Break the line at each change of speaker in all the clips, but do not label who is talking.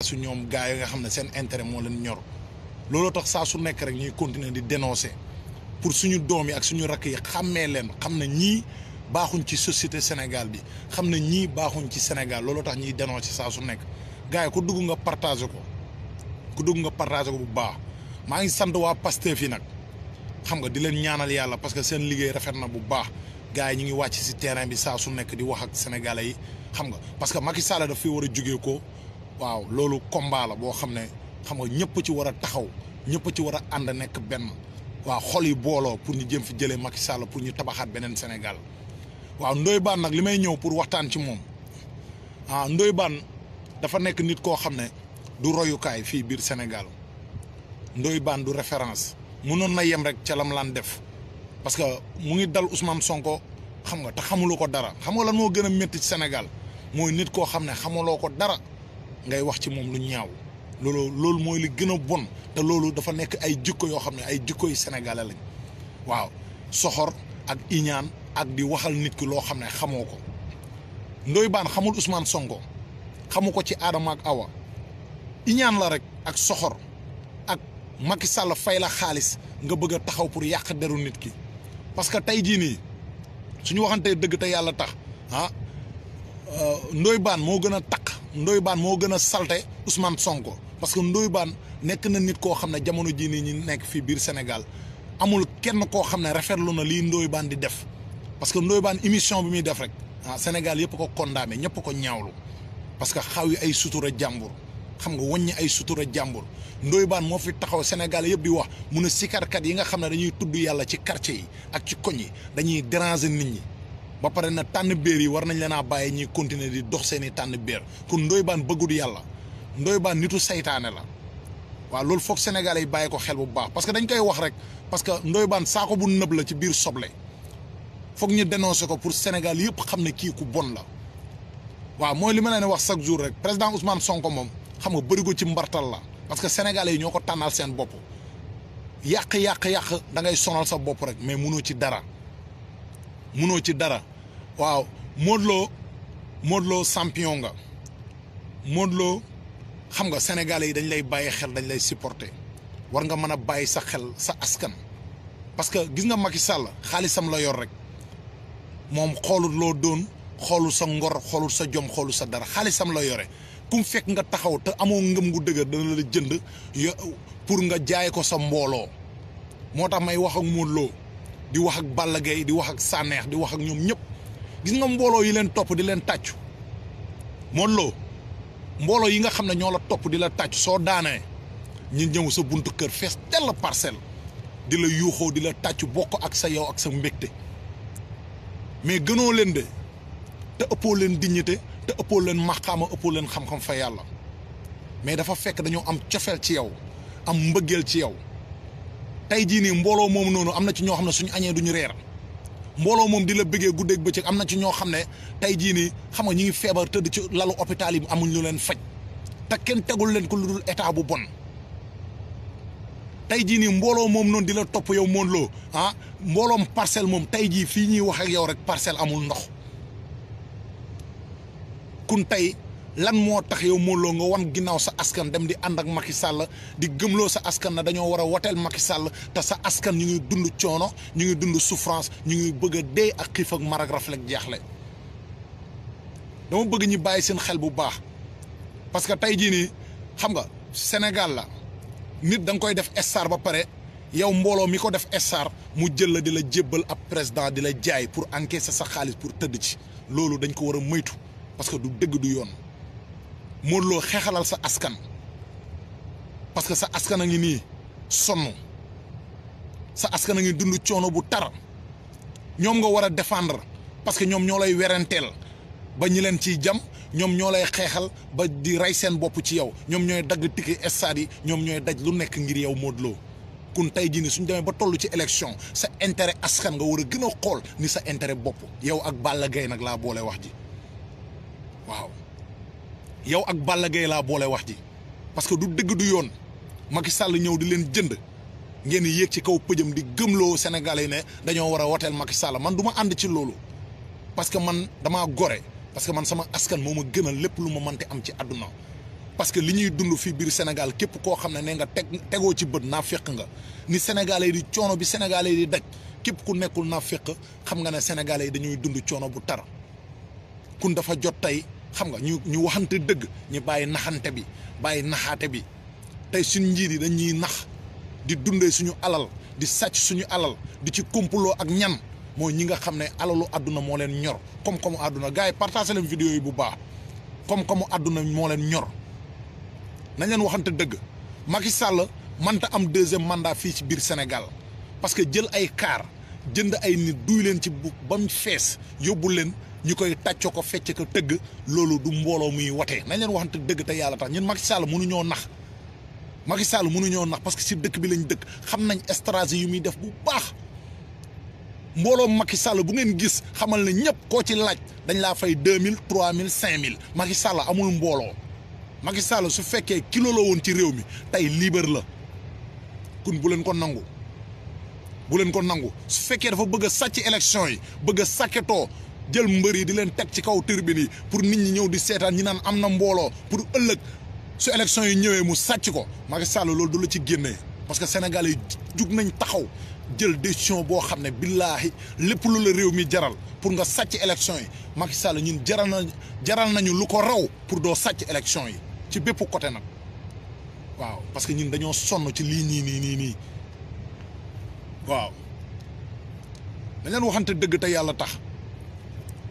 su ñoom gars yi nga xam na seen intérêt moo leen ñor looloo tax saa su nekk rek ñuy continuer di dénoncer pour suñu doom yi ak suñu rakk yi xàmmee leen xam na ñii baaxuñ ci société Sénégal bi xam na ñii baaxuñ ci Sénégal looloo tax ñuy dénoncer saa su nekk gars yi ku dugg nga partager ko ku dugg nga partager ko bu baax maa ngi sant waa Pastef yi nag xam nga di leen ñaanal yàlla parce que seen liggéey rafet na bu baax gars yi ñu ngi wàcc si terrain bi saa su nekk di wax ak sénégalais yi xam nga parce que Macky Sall daf fi war a jugee ko waaw loolu combat la boo xam ne xam nga ñëpp ci war a taxaw ñëpp ci war a ànd nekk benn waaw xol yi booloo pour ñu jëm fi jëlee Macky Sall pour ñu tabaxaat beneen Sénégal waaw Ndoye nag li may ñëw pour waxtaan ci moom ah Ndoye dafa nekk nit koo xam ne du royukaay fii biir Sénégal Ndoye du référence mënoon na yem rek ca lam def parce que mu ngi dal Ousmane Sonko xam nga te xamuloo ko dara xam nga lan moo gën a métti ci Sénégal mooy nit koo xam ne xamuloo ko dara. ngay wax ci moom lu ñaaw loolu loolu mooy li gën a bon te loolu dafa nekk ay jikko yoo xam ne ay jikko yu sénégalais lañ waaw soxor ak iñaan ak di waxal nit ki loo xam ne xamoo ko Ndoye xamul Ousmane songo xamu ko ci Adama ak Awa iñaan la rek ak soxor ak Macky Sall fay la xaalis nga bëgg a taxaw pour yàq deru nit ki parce que tey jii nii suñu waxantee dëgg te yàlla tax ah euh, Ndoye moo gën a taq Ndoye moo gën a salte Ousmane Sonko parce que Ndoye nekk na nit koo xam ne jamono jii nii ñi nekk fii biir Sénégal amul kenn koo xam ne rafetlu na lii Ndoye di def parce que Ndoye émission bi muy def rek ah Sénégal yëpp ko condamné ñëpp ko ñaawlu parce que xaw yi ay sutura jàmbur xam nga wàññi ay sutura jàmbur Ndoye moo fi taxaw Sénégal yëpp di wax mun a sikarkat yi nga xam ne dañuy tudd yàlla ci quartier yi ak ci koñ yi dañuy déranger nit ñi. ba pare na tànn beer yi war nañ leen a bàyyi ñuy continuer di dox seeni tànn beer kon Ndoye Bane bëggul yàlla Ndoye nitu seytaane la waaw loolu foog Sénégalais yi bàyyi ko xel bu baax parce que dañ koy wax rek parce que Ndoye Bane saako bu nëb la ci biir soble foog ñu dénoncer ko pour Sénégal yëpp xam ne kii ku bon la waaw mooy li ma ne wax chaque jour rek président Ousmane Sonko moom xam nga bëri ko ci mbartal la parce que Sénégalais yi ñoo ko tànnal seen bopp yàq yàq yàq da ngay sonal sa bopp rek mais munoo ci dara munoo ci dara. waaw mootloo mootloo Modou nga mootloo xam nga sénégalais yi dañ lay bàyyi xel dañ lay supporter war nga mën a bàyyi sa xel sa askan parce que gis nga Macky Sall xaalisam la yor rek moom xoolul loo doon xoolul sa ngor xoolul sa jom xoolul sa dara xaalisam la yore mu fekk nga taxaw te amoo ngëm gu dëgër dana la jënd yo pour nga jaay ko sa mbooloo moo tax may wax ak Modou di wax ak Balla Gaye di wax ak sànneex di wax ak ñoom ñëpp gis nga mbooloo yi leen topp di leen tàccu Modou Lo mbooloo yi nga xam ne ñoo la topp di la tàccu soo daanee ñu ñëw sa buntu kër fees dell parcelle di la yuuxoo di la tàccu bokk ak sa yow ak sa mbégte mais gënoo leen de te ëppoo leen dignité te ëppoo leen maqaama ëppoo leen xam-xam fa yàlla mais dafa fekk dañoo am cofeel ci yow am mbëggeel ci yow tey jii nii mbooloo moomu noonu am na ci ñoo xam ne suñu añee duñu reer mbooloo moom di la bëggee guddeeg bëccëg am na ci ñoo xam ne tey jii nii xam nga ñu ngi feebar tëdd ci lalu hôpital yi amuñ lu leen faj te kenn tegul leen ko lu dul état bu bon tey jii ni mbooloo moom noonu di la topp yow moon loo ah mbooloom parcelle moom tey jii fii ñuy wax ak yow rek parcelle amul ndox kun tey lan moo tax yow Modou nga wan ginnaaw sa askan dem di ànd ak Macky Sall di gëmloo sa askan na dañoo war a woteel Macky sàll te sa askan ñu ngi dund coono ñu ngi dund souffrance ñu ngi bëgg a dee ak xiif ak mar ak rafle ak jaaxle dama bëgg ñu bàyyi seen xel bu baax parce que tey jii nii xam nga Sénégal la nit danga koy def star ba pare yow mbooloo mi ko def star mu jël la di la jébbal ab président di la jaay pour encaisser sa xaalis pour tëdd ci loolu dañ ko war a moytu parce que du dëgg du yoon. Modou Lo xeexalal sa askan parce que sa askan a ngi nii sonn sa askan a ngi dund coono bu tar ñoom nga war a défendre parce que ñoom ñoo lay weranteel ba ñi leen ci jam ñoom ñoo lay xeexal ba di rey seen bopp ci yow ñoom ñooy dagg tike stade yi ñoom ñooy daj lu nekk ngir yow Modou Lo kun tey jii nii suñ demee ba toll ci élection sa intérêt askan nga war a gën a xool ni sa intérêt bopp yow ak Balla Gaye nag laa boole wax ji waaw yow ak Balla Gaye laa boole wax ji parce que du dëgg du yoon Macky Sall ñëw di leen jënd ngeen yéeg ci kaw pëjam di gëmloo Sénégalais yi ne dañoo war a woteel Macky Sall man du ma ànd ci loolu parce que man dama gore parce que man sama askan moo ma gënal lépp lu ma mënti am ci àdduna parce que li ñuy dund fii biir Sénégal képp koo xam ne ne nga teg tegoo ci bët naa féq nga ni Sénégalais yi di coono bi Sénégalais yi di daj képp ku nekkul naa féq xam nga ne Sénégalais yi dañuy dund coono bu tar kun dafa jot tey xam nga ñu ñu waxante dëgg ñu bàyyi naxante bi bàyyi naxaate bi tey suñ njiir yi dañuy nax di dundee suñu alal di sàcc suñu alal di ci kumpuloo ak ñan mooy ñi nga xam ne alalu àdduna moo leen ñor koom-koomu àdduna gars yi partagé leen vidéo yi bu baax koom-koomu àdduna moo leen ñor nañ leen waxante dëgg Macky Sall mënta am deuxième mandat fii ci biir Sénégal parce que jël ay kaar jënd ay nit duy leen ci bu ba mu fees yóbbu leen ñu koy tàcco ko fecc ko tëgg loolu du mbooloo muy watee nañ leen waxante dëgg te yàlla tax ñun Macky Sall mënuñoo nax Macky Sall mënuñoo nax parce que si dëkk bi lañ dëkk xam nañ stratégie yu muy def bu baax mbooloo Macky Sall bu ngeen gis xamal ne ñëpp koo ci laaj dañ laa fay deux mille trois mille cinq mille Macky Sall amul mbooloo Macky Sall su fekkee kilo la woon ci réew mi tey liber la kun bu leen ko nangu bu leen ko nangu su fekkee dafa bëgg sàcc élection yi bëgg a sàkketoo jël mbër yi di leen teg ci kaw turbine yi pour nit ñi ñëw di seetaan ñi naan am na mbooloo pour ëllëg su élection yi ñëwee mu sàcc ko Macky Sall loolu du la ci génnee parce que Sénégal yi jug nañ taxaw jël décision boo xam ne billaahi lépp lu la réew mi jaral pour nga sàcc élection yi Macky Sall ñun jaral na jaral nañu lu ko raw pour doo sàcc élection yi ci bépp côté nag waaw parce que ñun dañoo sonn ci lii nii nii nii nii waaw dañ leen waxante dëgg te yàlla tax.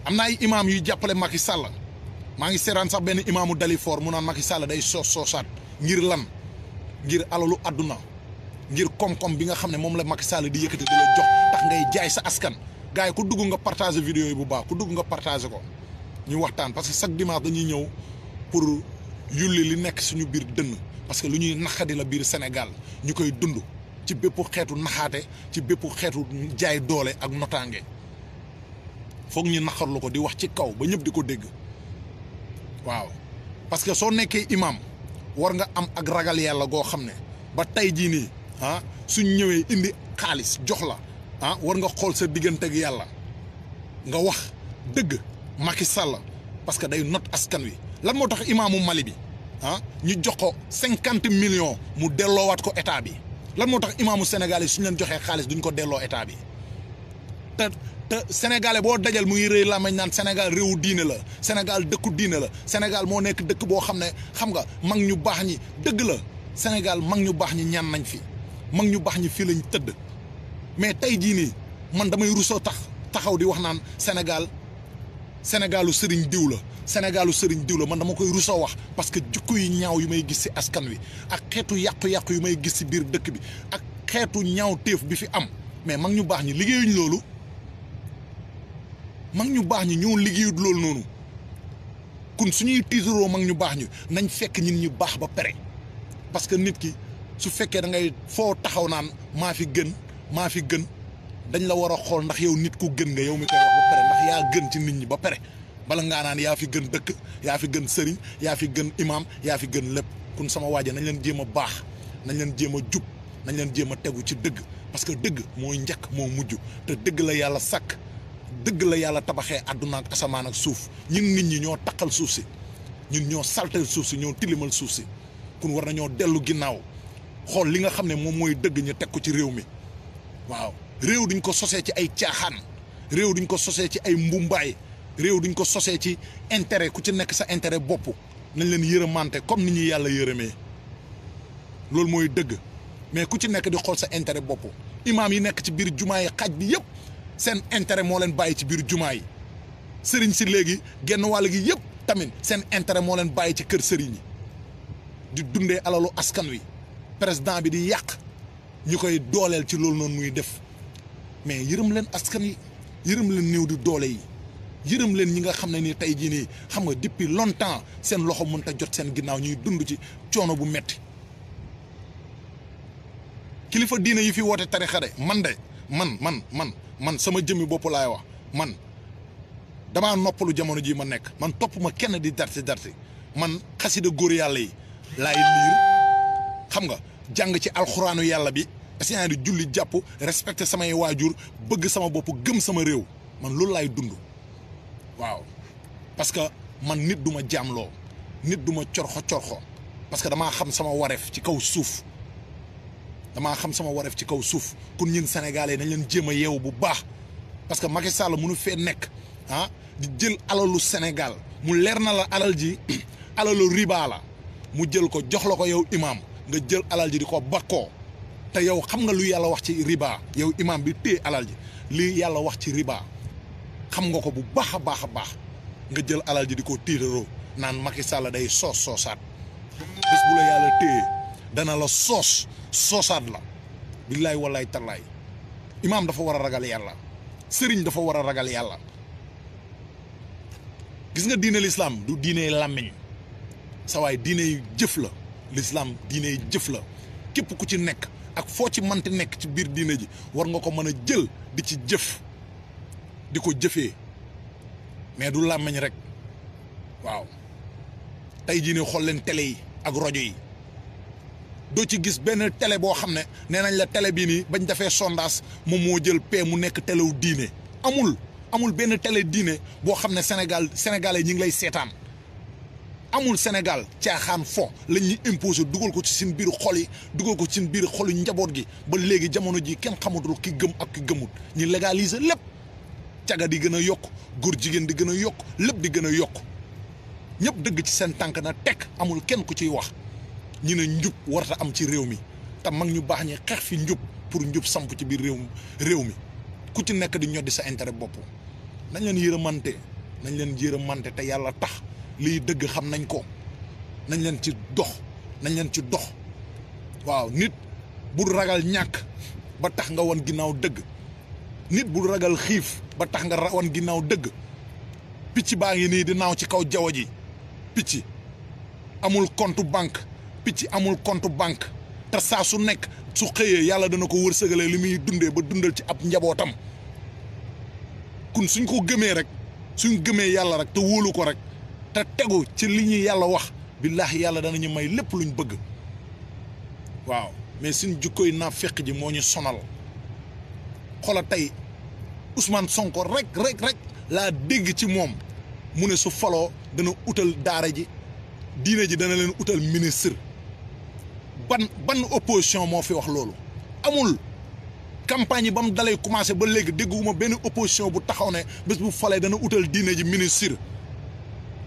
am na ay imaam yuy jàppale Macky Sall maa ngi seeraan sax benn imaamu Dalifort mu naan Macky Sall day soos soosaat ngir lan ngir alalu àdduna ngir koom-koom bi nga xam ne moom la Macky Sall di yëkkati di la jox tax ngay jaay sa askan gars yi ku dugg nga partager vidéo yi bu baax ku dugg nga partager ko ñu waxtaan parce que chaque dimanche dañuy ñëw pour yulli li nekk suñu biir dënn parce que lu ñuy naqadi la biir senegal ñu koy dund ci bépp xeetu naxaate ci bépp xeetu jaay doole ak notaange. foog ñu naqarlu ko di wax ci kaw ba ñëpp di ko dégg waaw parce que soo nekkee imaam war nga am ak ragal yàlla goo xam ne ba tey jii nii ah suñ ñëwee indi xaalis jox la ah war nga xool sa diggante ak yàlla nga wax dëgg Macky Sall parce que day not askan wi lan moo tax imaamu Mali bi ah ñu jox ko cinquante millions mu delloowaat ko état bi lan moo tax imaamu Sénégal yi suñ leen joxee xaalis duñ ko delloo état bi te sénégalais boo dajal mu ngi rëy làmmiñ naan sénégal réewu diine la sénégal dëkku diine la sénégal moo nekk dëkk boo xam ne xam nga mag ñu baax ñi dëgg la sénégal mag ñu baax ñi ñaan nañ fi mag ñu baax ñi fii lañ tëdd mais tey jii nii man damay rusoo tax taxaw di wax naan sénégal sénégalu sëriñ diw la sénégalu sëriñ diw la man dama koy rusoo wax parce que jukku yu ñaaw yi may gis si askan wi ak xeetu yàqu-yàqu yu may gis si biir dëkk bi ak xeetu ñaaw téef bi fi am mais mag ñu baax ñi liggéeyuñ loolu mag ñu baax ñi ñoo liggéeyut loolu noonu kun suñuy tiitaroo mag ñu baax ñu nañ fekk ñin ñu baax ba pare parce que nit ki su fekkee da ngay foo taxaw naan maa fi gën maa fi gën dañ la war a xool ndax yow nit ku gën nga yow mi yaa gën ci nit ñi ba pare bala ngaa naan yaa fi gën dëkk yaa fi gën sëriñ yaa fi gën imaam yaa fi gën lépp kun sama waaje nañ leen jéem a baax nañ leen jéem a jub nañ leen jéem a tegu ci dëgg parce que dëgg mooy njëkk moo mujj te dëgg la yàlla sàkk dëgg la yàlla tabaxee àdduna ak asamaan ak suuf ñun nit ñi ñoo taqal suuf si ñun ñoo saltel suuf si ñoo tilimal suuf si kun war nañoo dellu ginnaaw xool li nga xam ne moom mooy dëgg ñu teg ko ci réew mi waaw réew duñ ko sosee ci ay caaxaan réew duñ ko sosee ci ay mbumbaay réew duñ ko sosee ci intérêt ku ci nekk sa intérêt bopp nañ leen yërëmante comme ni ñuy yàlla yërëmee loolu mooy dëgg mais ku ci nekk di xool sa intérêt bopp imaam yi nekk ci biir jumaa yi xaaj bi yëpp seen intérêt moo leen bàyyi ci biir jumaa yi sëriñ si léegi génn wàll gi yëpp tamit seen intérêt moo leen bàyyi ci kër sëriñ yi di dundee alalu askan wi président bi di yàq ñu koy dooleel ci loolu noonu muy def mais yërëm leen askan yi yërëm leen néew di doole yi yërëm leen ñi nga xam ne ni tey jii nii xam nga depuis longtemps seen loxo mënut a jot seen ginnaaw ñuy dund ci coono bu metti kilifa diine yi fi woote tarixa de man de man man man man sama jëmmi bopp laay wax man damaa noppalu jamono jii ma nekk man topp ma kenn di darti darti man xasida góor yàlla yi laay liir xam nga jàng ci alxuraanu yàlla bi essayant di julli jàpp respecté samay waajur bëgg sama bopp gëm sama réew man loolu laay dund waaw parce que man nit duma ma jaamloo nit du ma corxo corxo parce que damaa xam sama wareef ci kaw suuf damaa xam sama wareef ci kaw suuf kon ñun sénégalais nañ leen jéem a yeewu bu baax parce que Macky Sall mënu fee nekk ah di jël alalu Sénégal mu leer na la alal ji alalu riba la mu jël ko jox la ko yow imaam nga jël alal ji di ko bakkoo te yow xam nga lu yàlla wax ci riba yow imaam bi téye alal ji li yàlla wax ci riba xam nga ko bu baax a baax a baax nga jël alal ji di ko tiitaroo naan Macky Sall day soos soosaat bés bu la yàlla téye. dana la soos soosaat la billaay wallaay tallaay imaam dafa war a ragal yàlla sëriñ dafa war a ragal yàlla gis nga diine lislaam du diine làmmiñ sawaay waay diine jëf la lislaam diine jëf la képp ku ci nekk ak foo ci mënti nekk ci biir diine ji war nga ko mën a jël di ci jëf di ko jëfee mais du làmmiñ rek waaw tey jii ne xool leen tele yi ak rajo yi doo ci gis benn tele boo xam ne nee nañ la tele bii nii bañ defee sondage moom moo jël paie mu nekk téléw diine amul amul benn télé diine boo xam ne Sénégal sénégalais ñi ngi lay seetaan amul Sénégal caaxaan fo lañ ñuy imposé dugal ko ci seen biir xol yi dugal ko ci seen biir xolu njaboot gi ba léegi jamono ji kenn xamatul ki gëm ak ki gëmut ñu légaliser lépp caga di gën a yokk góor jigéen di gën a yokk lépp di gën a yokk ñëpp dëgg ci seen tànk na tekk amul kenn ku ciy wax ñu ne njub warta am ci réew mi te mag ñu baax ñi xeex fi njub pour njub samp ci biir réew réew mi ku ci nekk di ñoddi sa intérêt bopp nañ leen yërëmante nañ leen yërëmante te yàlla tax liy dëgg xam nañ ko nañ leen ci dox nañ leen ci dox waaw nit bu ragal ñàkk ba tax nga wan ginnaaw dëgg nit bu ragal xiif ba tax nga wan ginnaaw dëgg picc baa ngi nii di naaw ci kaw jaww ji picc amul compte banque ci amul compte banque te saa su nekk su xëyee yàlla dana ko wërsëgalee li muy dundee ba dundal ci ab njabootam kun suñ ko gëmee rek suñ gëmee yàlla rek te wóolu ko rek te tegu ci li ñuy yàlla wax billaahi yàlla dana danañu may lépp luñ bëgg waaw mais suñ koy naa fekk ji moo ñu sonal xoola tey usmaan Sonko rek rek rek laa dégg ci moom mu ne su faloo dana utal daara ji diine ji dana leen utal ministre ban ban opposition moo fi wax loolu amul campagne yi ba mu dalay commencé ba léegi ma benn opposition bu taxaw ne bés bu falee dana utal diine ji ministre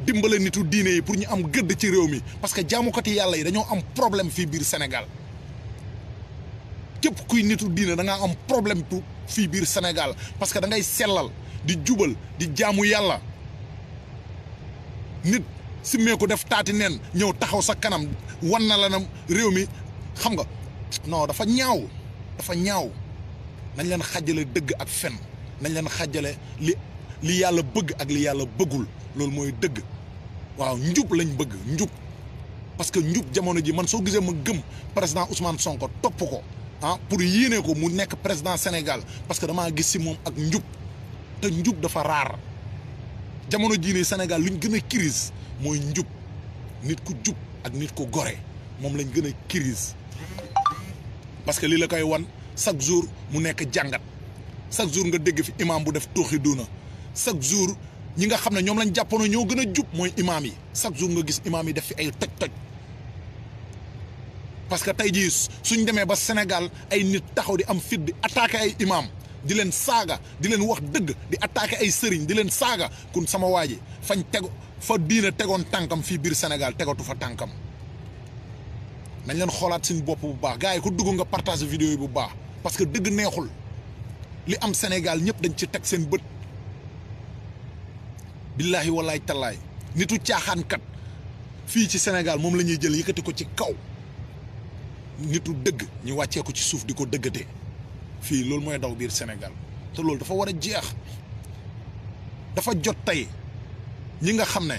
dimbale nitu diine yi pour ñu am gëdd ci réew mi parce que jaamukati yàlla yi dañoo am problème fi biir senegal képp kuy nitu diine da ngaa am problème tu fii biir Sénégal parce que da ngay sellal di jubal di jaamu yàlla nit. simmeeku def taati neen ñëw taxaw sa kanam wan na la na réew mi xam nga non dafa ñaaw dafa ñaaw nañ leen xàjjale dëgg ak fen nañ leen xàjjale li li yàlla bëgg ak li yàlla bëggul loolu mooy dëgg waaw njub lañ bëgg njub parce que njub jamono ji man soo gisee ma gëm président Ousmane Sonko topp ko ah pour yéene ko mu nekk président Sénégal parce que damaa gis si moom ak njub te njub dafa raar jamono jii nii Sénégal luñ gën a crise mooy njub nit ku jub ak nit ku gore moom lañ gën a crise parce que lii la koy wan chaque jour mu nekk jàngat chaque jour nga dégg fi imaam bu def tooxi duuna chaque jour ñi nga xam ne ñoom lañ jàppoon ñoo gën a jub mooy imaam yi chaque jour nga gis imaam yi def fi ay toj-toj parce que tey jii suñ demee ba Sénégal ay nit taxaw di am fit di attaqué ay imaam di leen saaga di leen wax dëgg di attaqué ay sëriñ di leen saaga kun sama waa ji fañ tegu fa diine tegoon tànkam fii biir Sénégal tegatu fa tànkam nañ leen xoolaat suñu bopp bu baax gars yi ku dugg nga partage vidéo yi bu baax parce que dëgg neexul li am Sénégal ñëpp dañ ci teg seen bët billaahi walaay tallaay nitu caaxaankat fii ci Sénégal moom lañuy ñuy jël yëkkati ko ci kaw nitu dëgg ñu wàccee ko ci suuf di ko dëggate fii loolu mooy daw biir Sénégal te loolu dafa war a jeex dafa jot tey ñi nga xam ne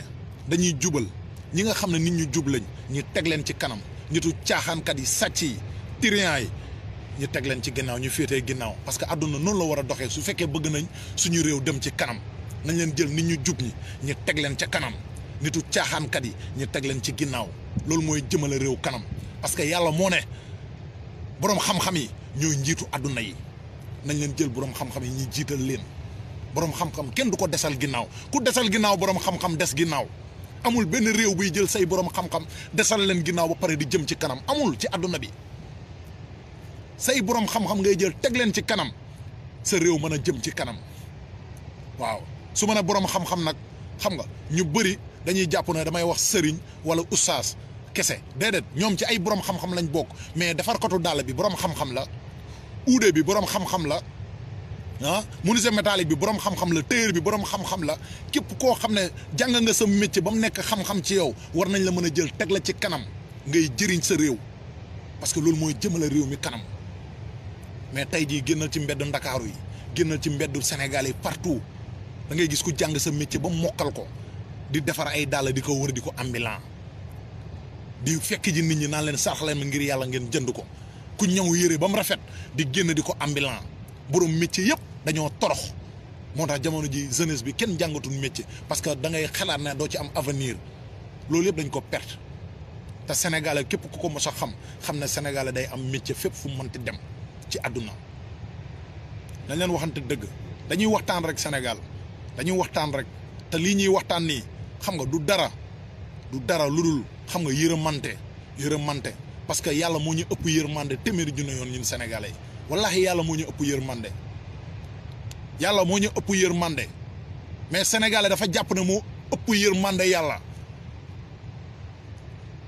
dañuy jubal ñi nga xam ne nit ñu jub lañ ñu teg leen ci kanam nitu caaxaankat yi sàcc yi tyran yi ñu teg leen ci ginnaaw ñu féetee ginnaaw parce que àdduna noonu la war a doxee su fekkee bëgg nañ suñu réew dem ci kanam nañ leen jël nit ñu jub ñi ñu teg leen ca kanam nitu caaxaankat yi ñu teg leen ci ginnaaw loolu mooy jëmale réew kanam parce que yàlla moo ne boroom xam-xam yi ñooy njiitu àdduna yi nañ leen jël boroom xam-xam yi ñu jiital leen. borom xam-xam kenn du ko desal ginnaaw ku desal ginnaaw borom xam-xam des ginnaaw amul benn réew buy jël say borom xam-xam desal leen ginnaaw ba pare di jëm ci kanam amul ci àdduna bi say borom xam-xam ngay jël teg leen ci kanam sa réew mën a jëm ci kanam waaw su mën a borom xam nag xam nga ñu bëri dañuy jàpp ne damay wax sëriñ wala ustaas kese déedéet ñoom ci ay borom xam-xam lañ bokk mais defar dàll bi borom xam-xam la uude bi borom xam-xam la. ah menuisier métallique bi borom xam-xam la tailleur bi borom xam-xam la képp koo xam ne jàng nga sa métier ba mu nekk xam-xam ci yow war nañ la mën a jël teg la ci kanam ngay jëriñ sa réew parce que loolu mooy jëmale réew mi kanam mais tey jii ci mbedd ndakaaru yi génnal ci mbeddu Sénégal yi partout da ngay gis ku jàng sa métier ba mokkal ko di defar ay dàll di ko wër di ko ambulant di fekk ji nit ñi naan leen sarax leen ngir yàlla ngeen jënd ko ku ñëw yére ba mu rafet di génn di ko ambulant borom métier yëpp. dañoo torox moo tax jamono ji jeunesse bi kenn jàngatul métier parce que da ngay xalaat ne doo ci am avenir loolu yëpp dañ ko perte te Sénégalais képp ku ko mos a xam xam ne Sénégalais day am métier fépp fu mu mënti dem ci àdduna dañ leen waxante dëgg dañuy waxtaan rek Sénégal dañuy waxtaan rek te lii ñuy waxtaan nii xam nga du dara du dara lu dul xam nga yërëmante yërëmante parce que yàlla moo ñu ëpp yërmande téeméeri ne yoon ñun sénégalais yi wallaahi yàlla moo ñu ëpp yërmande yàlla moo ñu ëpp yërmande mais sénégalais dafa jàpp ne mu ëpp yërmande yàlla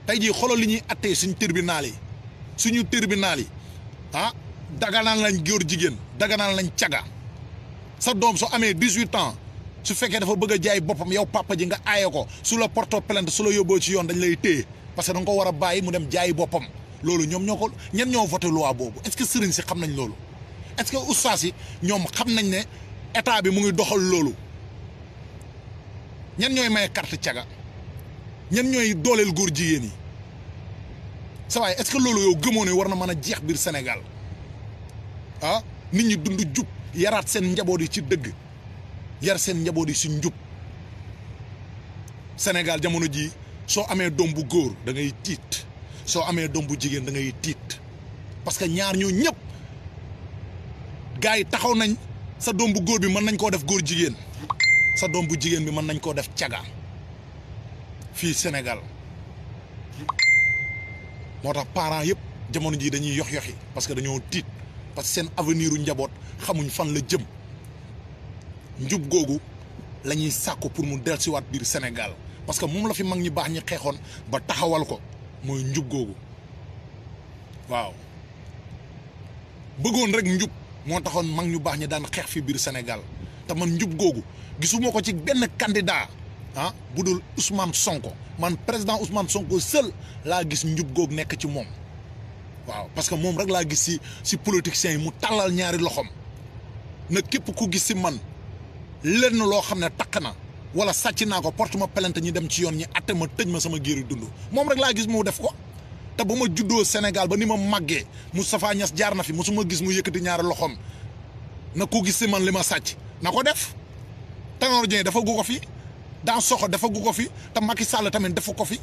tey jii xoolal li ñuy attee suñu tribunal yi suñu tribunal yi ah daganal nañ góor jigéen daganal nañ caga sa doom su amee dix-huit ans su fekkee dafa bëgg jaay boppam yow papa ji nga aaye ko su la porto su la yóbboo ci yoon dañ lay téye parce que da ko war a bàyyi mu dem jaayi boppam loolu ñoom ñoo ko ñen ñoo voté loi boobu est-ce que sëriñ si xam nañ loolu est-ce que ñoom xam nañ ne état bi mu ngi doxal loolu ñan ñooy maye carte caga ñan ñooy dooleel góor jigéen yi sa waay est-ce que loolu yow gëmoo ne war na mën a jeex biir Sénégal ah nit ñi dund jub yaraat seen njaboot yi ci dëgg yar seen njaboot yi si njub Sénégal jamono ji soo amee doom bu góor dangay tiit soo amee doom bu jigéen da ngay tiit parce que ñaar ñoo ñëpp gars yi taxaw nañ. sa doom bu góor bi mën nañ koo def góor jigéen sa doom bu jigéen bi mën nañ koo def caga fii Sénégal moo tax parent yëpp jamono jii dañuy yox yoxi parce que dañoo tiit parce que seen aveniru njaboot xamuñ fan la jëm njub googu lañuy ñuy sàkku pour mu dellusiwaat biir Sénégal parce que moom la fi mag ñi baax ñi xeexoon ba taxawal ko mooy njub googu waaw bëggoon rek njub. moo taxoon mag ñu baax ñi daan xeex fi biir senegal te man njub googu gisuma ko ci benn kandidaa ah bu dul Ousmane Sonko man président Ousmane Sonko seul laa gis njub googu nekk ci moom waaw parce que moom rek laa gis si si politiciens yi mu tàllal ñaari loxoom na képp ku gis si man lenn loo xam ne takk na wala sàcc naa ko porte ma plainte ñi dem ci yoon ñi atte ma tëj ma sama géeru dund moom rek laa gis mu def ko. te bu ma juddoo senegal ba ni ma màggee Moustapha Niass jaar na fi musuma gis mu yëkkati ñaari loxoom na ku gis si man li ma sàcc na ko def Tanor Dieng dafa gu ko fi dans soxo dafa gu ko fi te Macky Sall tamit dafa ko fi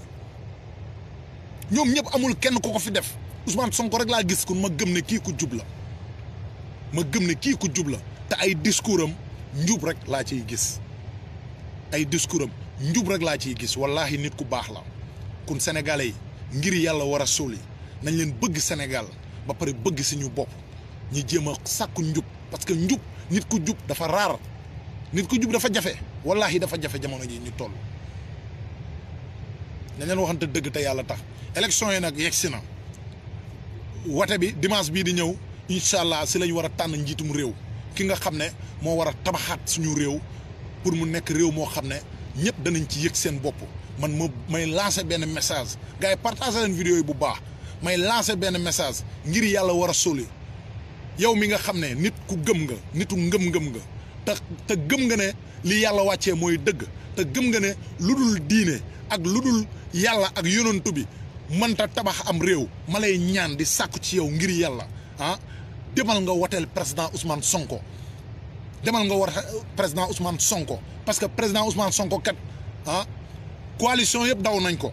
ñoom ñëpp amul kenn ku ko fi def Ousmane Sonko rek laa gis kon ma gëm ne kii ku jub la ma gëm ne kii ku jub la te ay discours am njub rek laa ciy gis ay discours am njub rek laa ciy gis wallahi nit ku baax la kon sénégalais yi. ngir yàlla war a suuli nañ leen bëgg Sénégal ba pare bëgg si ñu bopp ñu jéem a sàkku njub parce que njub nit ku jub dafa raar nit ku jub dafa jafe wallaahi dafa jafe jamono ji ñu toll. nañ leen waxante dëgg te yàlla tax élection yi nag yegsi na wate bi dimanche bii di ñëw incha allah si lañ war a tànn njiitum réew ki nga xam ne moo war a tabaxaat suñu réew pour mu nekk réew moo xam ne ñëpp danañ ci yëg seen bopp. man ma may lancer benn message gars yi partager leen vidéo yi bu baax may lancer benn message ngir yàlla war a soli yow mi nga xam ne nit ku gëm nga nitu ngëm-ngëm nga te te gëm nga ne li yàlla wàccee mooy dëgg te gëm nga ne lu dul diine ak lu dul yàlla ak yonantu bi mënta tabax am réew ma lay ñaan di sàkku ci yow ngir yàlla ah demal nga woteel président Ousmane Sonko demal nga war président Ousmane Sonko parce que président Ousmane Sonko kat ah, coalition yëpp daw nañ ko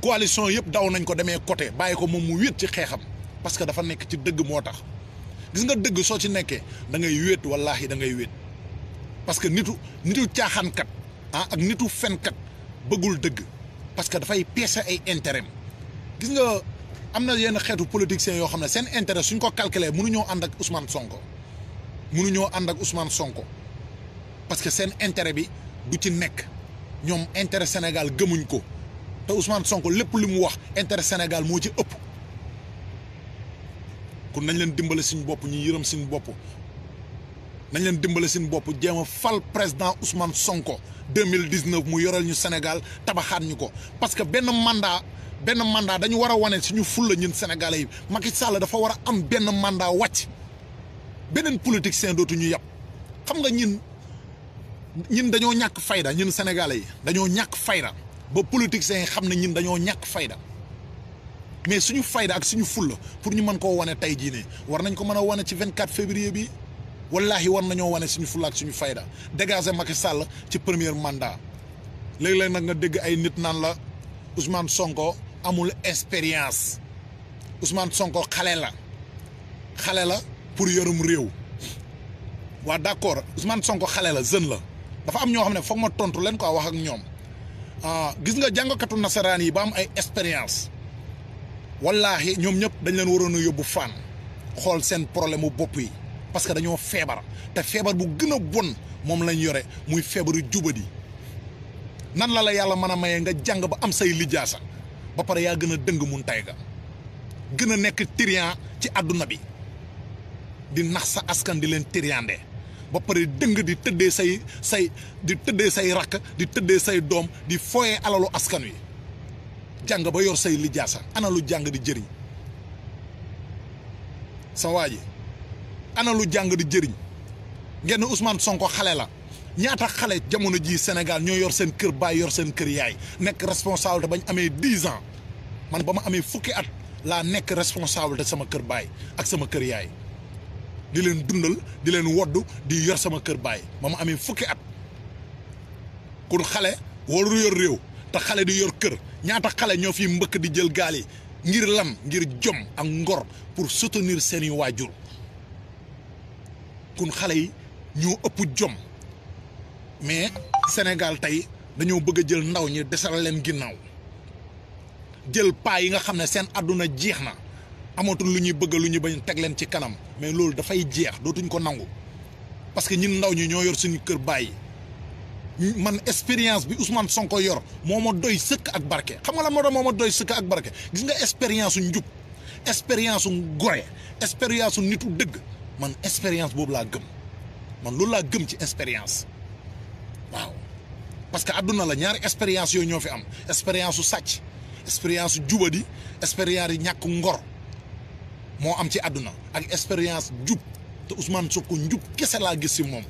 coalition yëpp daw nañ ko demee côté bàyyi ko moom mu wéet ci xeexam parce que dafa nekk ci dëgg moo tax gis nga dëgg soo ci nekkee dangay ngay wéet wallaahi da ngay wéet parce que nitu nitu caaxaankat ah ak nitu fenkat bëggul dëgg parce que dafay peese ay intérêt gis nga am na yenn xeetu politiciens yoo xam ne seen intérêt suñ ko calculer mënuñoo ànd ak Ousmane Sonko mënuñoo ànd ak Ousmane Sonko parce que seen intérêt bi du ci nekk. ñoom intérêt Sénégal gëmuñ ko te Ousmane Sonko lépp li mu wax intérêt Sénégal moo ci ëpp kon nañ leen dimbale suñu bopp ñu yërëm suñu bopp nañ leen dimbale suñu bopp jéem fal président Ousmane Sonko 2019 mu yoral ñu Sénégal tabaxaat ñu ko parce que benn mandat benn mandat dañu war a wane suñu fulla ñun sénégalais yi Macky Sall dafa war a am benn mandat wàcc beneen politique seen dootu ñu yàpp xam nga ñun. ñun dañoo ñàkk fayda ñun sénégalais yi dañoo ñàkk fayda ba politiciens yi xam ne ñun dañoo ñàkk fayda mais suñu fayda ak suñu fulla pour ñu mën koo wane tey jii ne war nañ ko mën a wane ci 24 février bi wallahi war nañoo wane suñu fulla ak suñu fayda dégager Macky Sall ci première mandat léeg-léeg nag nga dégg ay nit naan la Ousmane Sonko amul expérience Ousmane Sonko xale la xale la pour yorum réew waa d'accord Ousmane Sonko xale la jeune la. dafa am ñoo xam ne foog ma tontu leen quoi wax ak ñoom ah, gis nga jàngkatu nasaraan yi ba am ay expérience wallaahi ñoom ñëpp dañu leen waroon a yóbbu fan xool seen problème mu bopp yi parce que dañoo feebar te feebar bu gën a bon moom lañ yore muy feebaru jubadi nan la la yàlla mën a mayee nga jàng ba am say lijaasa ba pare yaa gën a dëng mun tay ga gën a nekk tiriyan ci àdduna bi di nax sa askan di leen tiriyande ba pare dëng di tëddee say say di tëddee say rakk di tëddee say doom di foyee alalu askan wi jàng ba yor say lijaasa ana lu jàng di jëriñ sa waa ji ana lu jàng di jëriñ ngeen Ousmane Sonko xale la ñaata xale jamono ji Sénégal ñoo yor seen kër baay yor seen kër yaay nekk responsabilité bañ amee dix ans man ba ma amee fukki at laa nekk responsabilité sama kër baay ak sama kër yaay di leen dundal di leen woddu di yor sama kër baay ba ma amee fukki at kon xale warul yor réew te xale di yor kër ñaata xale ñoo fi mbëkk di jël gaal yi ngir lam ngir jom ak ngor pour soutenir seeni waajur kon xale yi ñoo ëpp jom mais Sénégal tey dañoo bëgg a jël ndaw ñi desal leen ginnaaw jël paa yi nga xam ne seen àdduna jeex na amatul lu ñuy bëgg lu ñuy bañ teg leen ci kanam mais loolu dafay jeex dootuñ ko nangu parce que ñun ndaw ñi ñoo yor suñu kër bàyyi man expérience bi Ousmane Sonko yor moo ma doy sëkk ak barke xam nga la moo doon moo ma doy sëkk ak barke gis nga expérience su njub expérience su gore expérience su nitu dëgg man expérience boobu laa gëm man loolu laa gëm ci expérience waaw parce que àdduna la ñaari expérience yooyu ñoo fi am expérience su sàcc expérience su jubadi expérience yi ñàkk ngor. moo am ci àdduna ak expérience njub te Ousmane Sonko njub kese laa gis si moom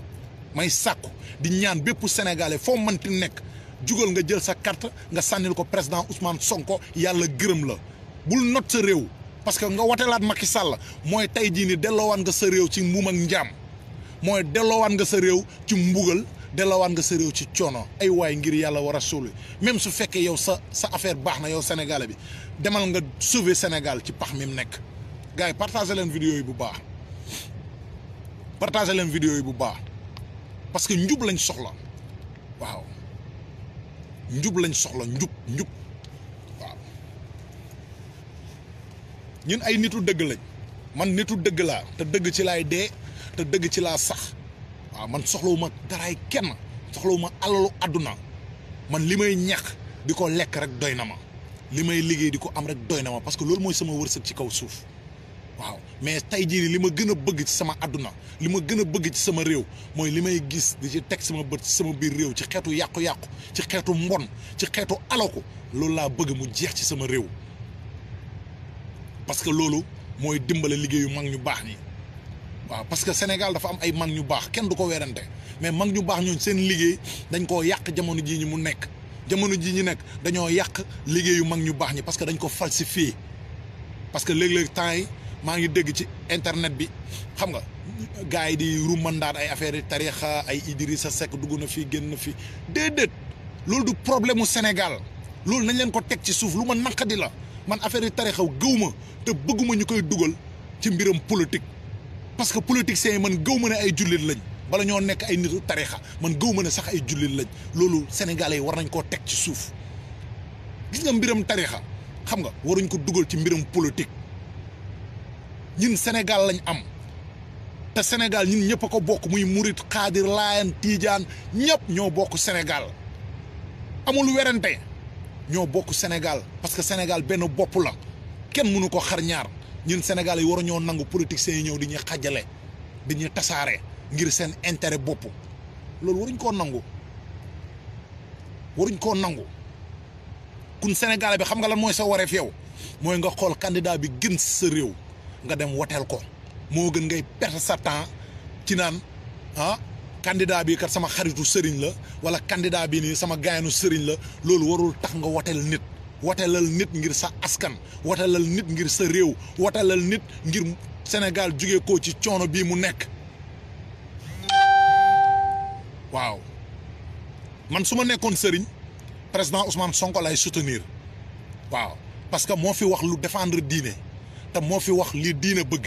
may sàkku di ñaan bépp sénégalais foo mënti nekk jugal nga jël sa kart nga sànnil ko président Ousmane Sonko yàlla gërëm la bul not sa réew parce que nga watelaat Macky Sall mooy tey jii ni delloowaan nga sa réew ci mbuum ak njaam mooy delloowaan nga sa réew ci mbugal delloowaan nga sa réew ci coono ay waaye ngir yàlla war a suul même su fekkee yow sa sa affaire baax na yow sénégalais bi demal nga sauver Sénégal ci pax mi mu nekk gars yi partagé leen vidéo yi bu baax partagé leen vidéo yi bu baax parce que njub lañ soxla waaw njub lañ soxla njub njub waaw ñun ay nitu dëgg lañ man nitu dëgg laa te dëgg ci laay dee te dëgg ci laa sax waaw man soxlawuma daraay kenn soxlawuma alalu àdduna man li may ñàkk di ko lekk rek doy na ma li may liggéey di ko am rek doy na ma parce que loolu mooy sama wërsëg ci kaw suuf waaw mais tey jii li ma gën a bëgg ci sama àdduna li ma gën a bëgg ci sama réew mooy li may gis di ci teg sama bët ci sama biir réew ci xeetu yàqu-yàqu ci xeetu mbon ci xeetu alaku loolu laa bëgg mu jeex ci sama réew parce que loolu mooy dimbale liggéeyu mag ñu baax ñi waaw parce que Sénégal dafa am ay mag ñu baax kenn du ko werante mais mag ñu baax ñooñ seen liggéey dañ koo yàq jamono jii ñi mu nekk jamono jii ñi nekk dañoo yàq liggéeyu mag ñu baax ñi parce que dañ ko falsifié parce que léeg-léeg temps yi maa ngi dégg ci internet bi xam nga gars yi di rumandaat ay affaire yi tarixa ay Idrissa Seck dugg na fii génn fi déedéet loolu du problème mu Sénégal loolu nañ leen ko teg ci suuf lu ma naqadi la man affaire yi tarixa gëw te bëgguma ñu koy dugal ci mbiram politique parce que politiciens yi man gëw ma ne ay jullit lañ bala ñoo nekk ay nitu tarixa man gëw ma ne sax ay jullit lañ loolu sénégalais yi war nañ koo teg ci suuf gis nga mbiram tarixa xam nga waruñ ko dugal ci mbiram politique ñun Sénégal lañ am te Sénégal ñun ñëpp ko bokk muy Murit Xaadir Laayeen Tiijaan ñëpp ñoo bokk Sénégal amul werante ñoo bokk Sénégal parce que Sénégal benn bopp la kenn mënu ko xar ñaar ñun Sénégal yi waru ñoo nangu politiciens yi ñëw di ñu xàjjale di tasaare ngir seen intérêt bopp loolu waruñ koo nangu waruñ koo nangu kun Sénégal bi xam nga lan mooy sa wareef yow mooy nga xool candidat bi gën sa réew. nga dem woteel ko moo gën ngay perte sa temps ci naan ah candidat bi kat sama xaritu sëriñ la wala candidat bi nii sama gaayanu sëriñ la loolu warul tax nga woteel nit woteelal nit ngir sa askan woteelal nit ngir sa réew woteelal nit ngir Sénégal jugee ko ci coono bii mu nekk waaw man su ma nekkoon sëriñ président Ousmane Sonko lay soutenir waaw parce que moo fi wax lu defendre diine te moo fi wax li diine bëgg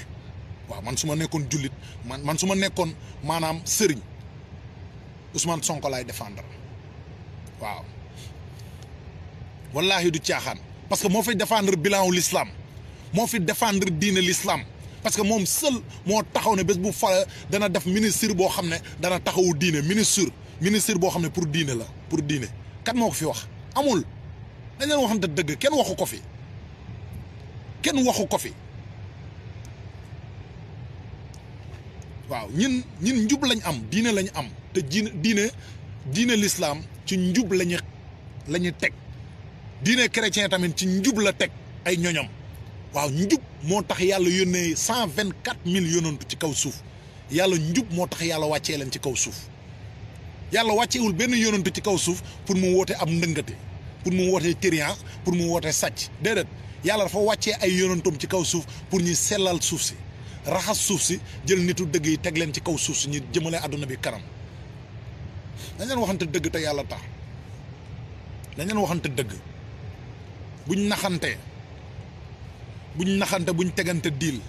waaw man su ma nekkoon jullit man man su ma nekkoon maanaam sëriñ Ousmane Sonko laay défendre waaw wallaahi du caaxaan parce que moo fi défendre bilan lislaam moo fi défendre diine lislaam parce que moom seul moo taxaw ne bés bu fara dana def ministre boo xam ne dana taxawu diine ministre ministre boo xam ne pour diine la pour diine kat moo ko fi wax amul dañ xam waxante dëgg kenn waxu ko fi kenn waxu ko fi waaw ñin ñin njub lañ am diine lañ am te diine diine diine lislaam ci njub lañu la ñu teg diine chrétien tamit ci njub la teg ay ñoñom waaw njub moo tax yàlla yónnee cent vingt quatre mille ci kaw suuf yàlla njub moo tax yàlla wàccee leen ci kaw suuf yàlla wàcceewul benn yonantu ci kaw suuf pour mu woote am ndëngate pour mu wootee tirian pour mu woote sàcc déedéet yàlla dafa wàccee ay yonantoom ci kaw suuf pour ñu sellal suuf si raxas suuf si jël nitu dëgg yi teg leen ci kaw suuf si ñu jëmale àdduna bi kanam dañ leen waxante dëgg te yàlla tax dañ leen waxante dëgg buñ naxante buñ naxante buñ tegante diil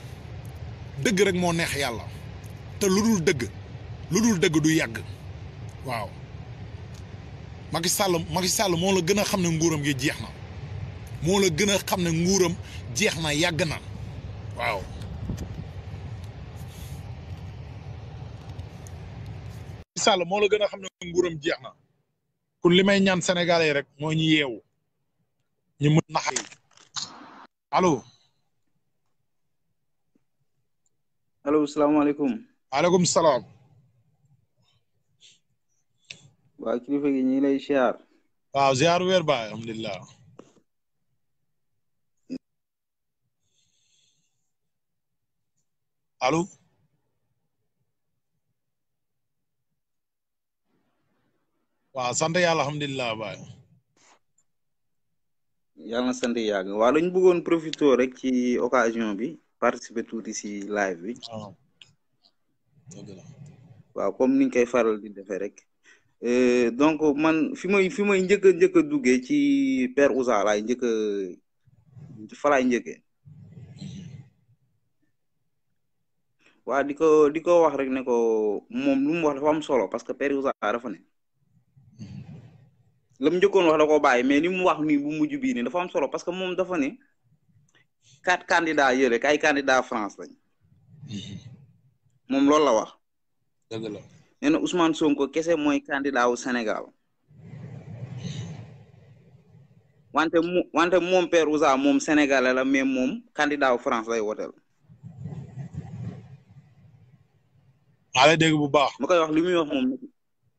dëgg rek moo neex yàlla te lu dul dëgg lu dul dëgg du yàgg waaw Macky Sall Macky Sall moo la gën a xam ne nguuram gi jeex na moo gën a xam ne nguuram jeex na yàgg na waaw Sall gën a xam ne nguuram jeex na kon li may ñaan sénégalais rek moo ñu yeewu ñu mën naxa allo
allo salaamaaleykum
aleykum salaam waaw kilifa gi ñu ngi lay ziar waaw ziar weer ba alhamdulilah allo waaw sant yàlla alhamdulilah baay
yàlla na sant yàgg waaw lañ bëggoon rek ci occasion bi participer tuuti si live bi ah. waaw comme niñ koy faral di defee rek euh, donc man fi may fi may njëkk a njëkk a duggee ci Père Ousa laay njëkk a fa waa di ko di ko wax rek ne ko moom lu mu wax dafa am solo parce que Pereira dafa ne. Mm-hmm. la mu njëkkoon wax koo bàyyi mais li mu wax nii bu mujj bii nii dafa am solo parce que moom dafa ne kandida candidats yële ay candidats France lañ. Mm-hmm. moom loolu la wax. dëgg la Sonko kese mooy candidat wu Sénégal. Mm-hmm. wante mu wante moom Pereira moom sénégalais mais moom candidat wu France lay woteel. maa dégg bu baax. mu koy wax li muy wax moom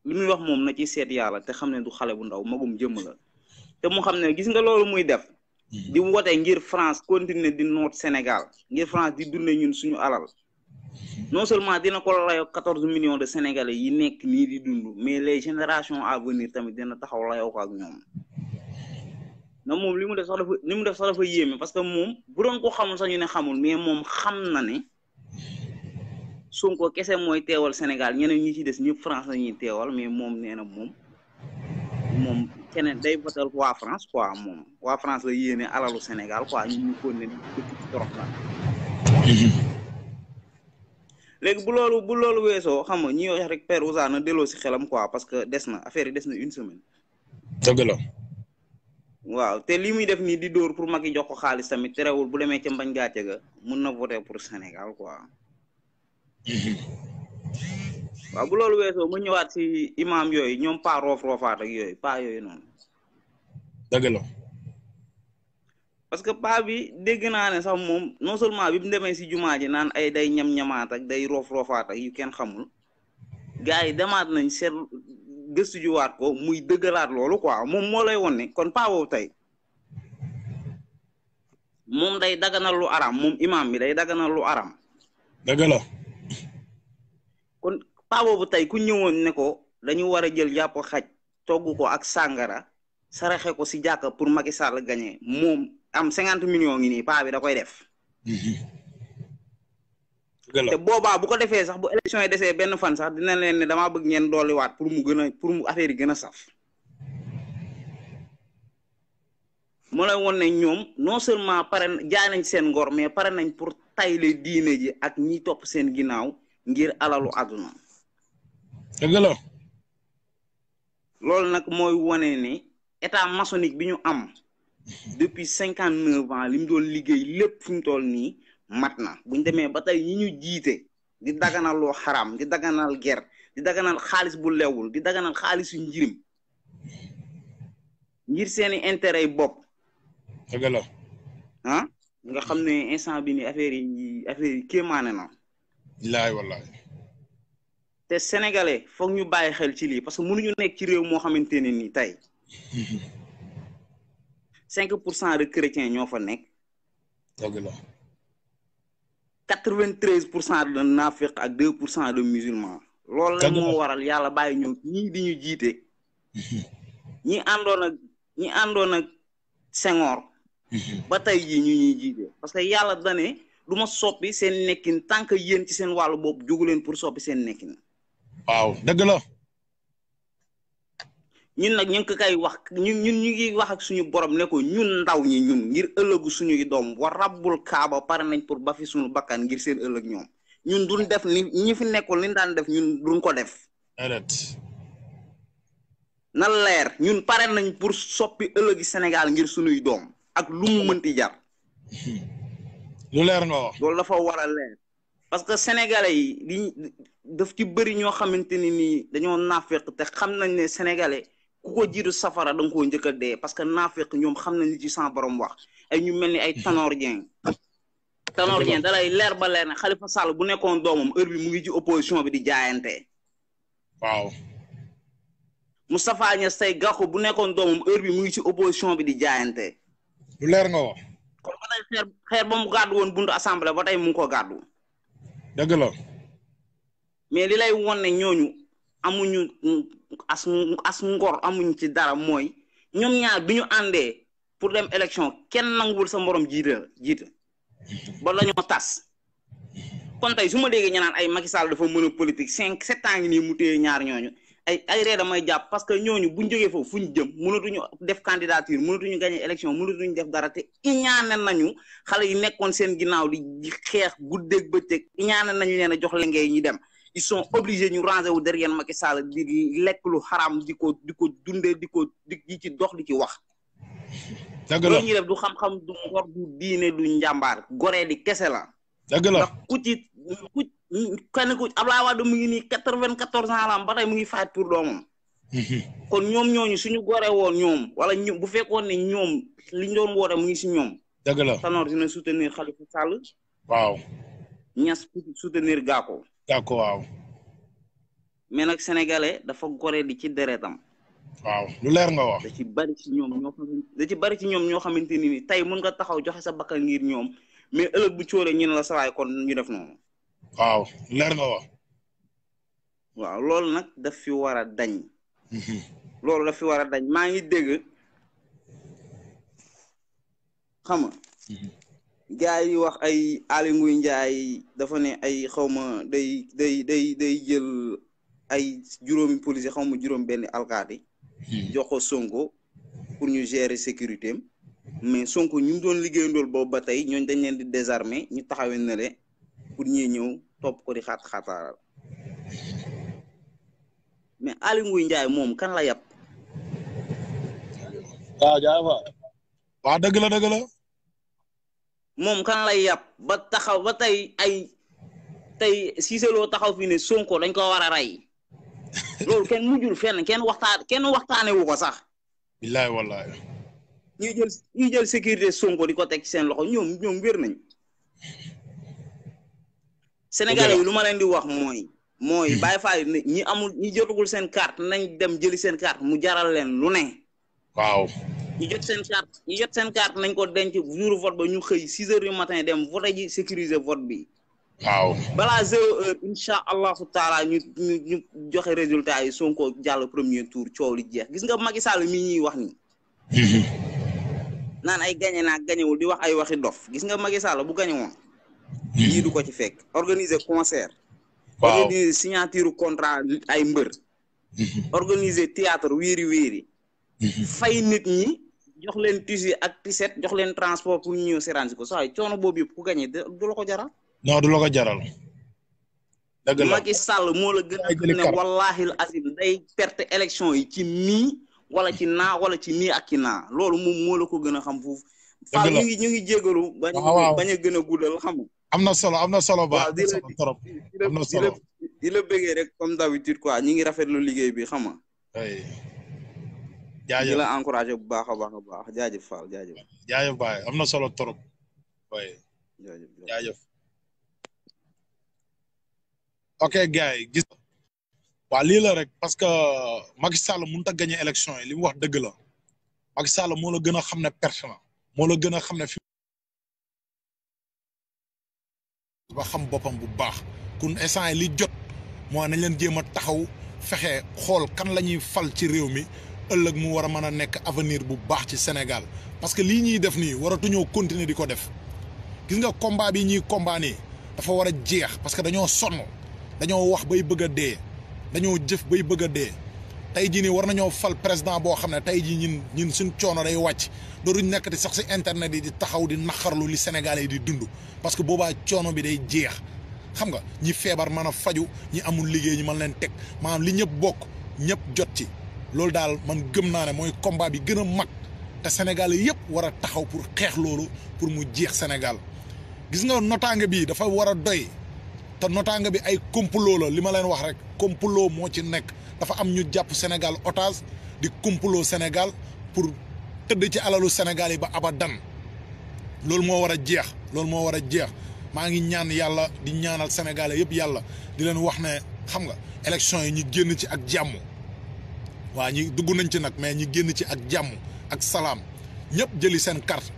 li muy wax moom na ci seet yàlla te xam ne du xale bu ndaw magum jëmm la te mu xam ne gis nga loolu muy def. Mm-hmm. di wote ngir France continuer di noot Sénégal ngir France di dundee ñun suñu alal non seulement dina ko layoo quatorze millions de Sénégalais yi nekk nii di dund mais les générations à venir tamit dina taxaw layoo ko ak ñoom. na moom li mu def sax dafa li mu def sax dafa yéeme parce que moom bu doon ko xamul sax ñu ne xamul mais moom xam na ne. Sonko kese mooy teewal Sénégal ñeneen ñi ci des ñëpp France la ñuy teewal mais moom nee na moom moom keneen day votal waa France quoi moom waa France la yéene alalu Sénégal quoi ñu ñu ko ne dëkk bu loolu bu loolu weesoo xam nga ñi wax rek Père Ousa na delloo si xelam quoi parce que des na affaire yi des na une semaine. dëgg la. waaw te li muy def nii di dóor pour Macky jox ko xaalis tamit terewul bu demee ca mbañ gàcce ga mun na voter pour Sénégal quoi. waaw bu loolu weesoo mu ñëwaat si imaam yooyu ñoom pa roof roofaat ak yooyu pa yooyu noonu. dëgg la. parce que pa bi dégg naa ne sax moom non seulement bi mu demee si jumaa ji naan ay day ñam ñamaata ak day roof roofaat yu kenn xamul gars yi demaat nañ seet gëstu juwaat ko muy dëggalaat loolu quoi moom moo lay won ne kon pa boobu tey moom day daganal lu aram moom imaam bi day daganal lu aram. dëgg paa boobu tey ku ñëwoon ne ko dañu war a jël jàpp xaj togg ko ak sàngara saraxe ko si jàkka pour Macky Sall gagné moom am cinquante million ngi nii paa bi da koy def. te boobaa bu ko defee sax bu élection yi desee benn fan sax dina leen ne damaa bëgg ngeen dolliwaat pour mu gën a pour mu affaire gën a saf. moo lay woon ne ñoom non seulement pare jaay seen ngor mais pare nañ pour tayle diine ji ak ñi topp seen ginnaaw ngir alalu àdduna. dëgg la. loolu nag mooy wane ne état maçonnique bi ñu am. depuis cinquante neuf ans li mu doon liggéey lépp fu mu toll nii mat na buñ ñu demee ba tey ñi ñu jiite di daganal loo xaraam di daganal ger di daganal xaalis bu lewul di daganal xaalisu njirim ngir seeni intérêt yi bopp. dëgg la. ah nga xam ne instant bi ni affaire yi affaire yi na.
bilaay wallaay.
te sénégalais foog ñu bàyyi xel ci lii parce que mënuñu nekk ci réew moo xamante ne nii tey cinq pour cent de chrétiens ñoo fa nekk. dëgg la. quatre vingt treize pour cent de nafiq ak deux pour cent de musulmans. lool la moo waral yàlla bàyyi ñoo ñi di ñu jiite. ñi àndoon ak ñi àndoon ak Senghor. ba tey jii ñu ñuy jiite parce que yàlla da ne du ma soppi seen nekkin tant que yéen ci seen wàllu bopp jógu pour soppi seen nekkin.
waaw dëgg la.
ñun nag wax ñun ñun ñu ngi wax ak suñu borom ne ñun ndaw ñi ñun ngir ëllëgu suñuy doom wa rabbul kaaba pare nañ pour ba fi suñu bakkan ngir seen ëllëg ñoom ñun duñ def ni ñi fi nekkul li daan def ñun duñ ko def. nan leer ñun pare nañ pour soppi ëllëgi Sénégal ngir suñuy doom ak lu mu mënti jar. lu leer nga wax. loolu dafa parce que sénégalais yi li daf ci bëri ñoo xamante ni nii dañoo naafeq xam nañ ne sénégalais ku ko safara da nga koo njëkk a parce que naafeq ñoom xam nañ li ci sans borom wax ay ñu mel ni ay Tanor Dieng Tanor Dieng da lay leer ba leer ne Khalifa Sall bu nekkoon doomam heure bi mu ngi ci opposition bi di jaayante. waaw. Moustapha Niass tey Gakou bu nekkoon doomam heure bi mu ngi ci opposition bi di jaayante.
lu leer nga wax.
kon ba tey xeer xeer ba mu gàddu woon buntu assemblée ba mu ngi ko gàddu. dëgg mais li lay won ne ñooñu amuñu as as ngor amuñu ci dara mooy ñoom ñaar bi ñu àndee pour dem élection kenn nanguwul sa morom jiite jiite ba la ñoo tas kon tey su ma déggee ñu naan ay Macky Sall dafa mën a politique cinq sept ans ngi nii mu ñaar ñooñu. ay ay ree damay jàpp parce que ñooñu buñ jógee foofu fuñ jëm mënatuñu def candidature mënatuñu gagné élection mënatuñu def dara te iñaane nañu xale yi nekkoon seen ginnaaw di xeex gu guddeeg bëccëg iñaane nañu leen a jox la ngay dem ils sont obligés ñu ranger wu derrière Macky Sall di lekk lu xaraam di ko di ko dundee di ko di ci dox di ci wax. dëgg du xam-xam du ngor du diine du njàmbaar goree di kese la. dëgg ku ci ku kenn ku Abdoulaye Wade mu ngi nii quatre vingt quatorze ans la am ba mu ngi faat pour doomam. kon ñoom ñooñu suñu gore woon ñoom wala ñu bu fekkoon ne ñoom liñ doon woote mu ngi si ñoom. dëgg la Tanor dina soutenir Khalifa Sall. waaw. Niass soutenir Gakou. Gakou waaw. mais nag sénégalais dafa gore di ci deretam. waaw lu leer nga wax. da ci bari ci ñoom ñoo xamante da ci bari ci ñoom ñoo xamante ni tey mun nga taxaw joxe sa bakkan ngir ñoom mais ëllëg bu cooree ñu ne la sawaay kon ñu def noonu.
waaw leer nga wax.
waaw loolu nag daf fi war a dañ. Mhm. loolu dafi fi war a dañ maa ngi dégg xam nga. Mhm. yi wax ay Aly Ngouille Ndiaye dafa ne ay xawma day day day day jël ay juróomi policier xaw ma juróom benn alkaati. Mhm. jox ko Sonko pour ñu gérer sécurité am mais Sonko ñu doon liggéeyandool boobu ba tey ñooñ dañ leen di désarmer ñu taxawee ne pour ñuy ñëw top ko di xaat xaataaral mais Aly Ngouille moom kan la yab. Ah, waaw jaajëfal. waaw dëgg la dëgg la. moom kan lay yab ba taxaw ba tey ay tey Cissé taxaw fi ne Sonko dañ ko war a rey loolu kenn mujjul fenn kenn waxtaan kenn waxtaane wu ko sax. billaay wallaay. ñuy jël ñuy jël sécurité Sonko di ko teg seen loxo ñoom ñoom wér nañ Sénégalais yi lu ma leen di wax mooy. mooy hmm. Baye Fall ñi amul ñi jotagul seen carte nañ dem jëli seen carte mu jaral leen lu ne. waaw. ñu jot seen carte ñu jot seen carte nañ ko denc jour vote ba ñu xëy six heures yu matin dem vote ji sécuriser vote bi. waaw balaa zéro heure incha allahu taala ñu joxe résultat yi Sonko jàll premier tour coow li jeex gis nga Macky Sall mii ñuy wax nii.
Hmm.
ay gañe naa gañewul di wax ay waxi dof gis nga Macky Sall bu gañe woon. lii hmm. du ko ci fekk organiser concert waaw organiser contrat ay mbër hmm. organiser théâtre wéeri wéeri hmm. fay nit ñi jox leen tissu ak tiset jox leen transport pour ñu ñëw seetaan si ko saa coono boobu yëpp ku gañe du la ko jaral
non du la ko jaral dëgg la Macky
Sall gën a ne wallaahi azim day perte élection yi ci ni wala ci naa wala ci nii ak ci naa loolu moom moo la ko gën a xam foofu. dëgg la Fall ngi ñu ngi jégalu. bañ
gën a guddal xam am na solo am na solo ba am na solo trop
la bëggee rek comme d'habitude quoi ñi ngi rafetlu liggéey bi xam nga. jaajëf di la encouragé bu baax a baax a baax jaajëf Fall jaajëf. jaajëf baay am na solo trop.
jaajëf jaajëf. ok gars yi gis waa la rek parce que euh, Macky Sall mënut a gagné élection yi li mu wax dëgg la Macky Sall moo la gën a xam ne perte na la gën a xam fi ba xam boppam bu baax kun instant li jot moo nañ leen jéem a taxaw fexe xool kan la ñuy fal ci réew mi ëllëg mu war a mën a nekk avenir bu baax ci Sénégal parce que lii ñuy def nii waratuñoo continuer di ko def gis nga combat bi ñuy combat nii dafa war a jeex parce que dañoo sonn dañoo wax bay bëgg a dee dañoo jëf bay bëgg a dee tey jii nii war nañoo fal président boo xam ne tey jii ñun ñun suñ coono day wàcc dootuñ nekkati sax si internet yi di taxaw di naqarlu li sénégal yi di dund parce que boobaa coono bi day jeex xam nga ñi feebar mën a faju ñi amul liggéey ñi man leen teg maanaam li ñëpp bokk ñëpp jot ci loolu daal man gëm naa ne mooy combat bi gën a mag te Sénégalais yëpp war a taxaw pour xeex loolu pour mu jeex Sénégal gis nga notaange bi dafa war a doy te notaange bi ay complot li ma leen wax rek complot moo ci nekk dafa am ñu jàpp Sénégal otage di kumpuloo Sénégal pour tëdd ci alalu Sénégal yi ba abadan loolu moo war a jeex loolu moo war a jeex maa ngi ñaan yàlla di ñaanal Sénégalais yëpp yàlla di leen wax ne xam nga élection yi ñu génn ci ak jàmm waa ñi dugg nañ ci nag mais ñu génn ci ak jàmm ak salaam ñëpp jëli seen carte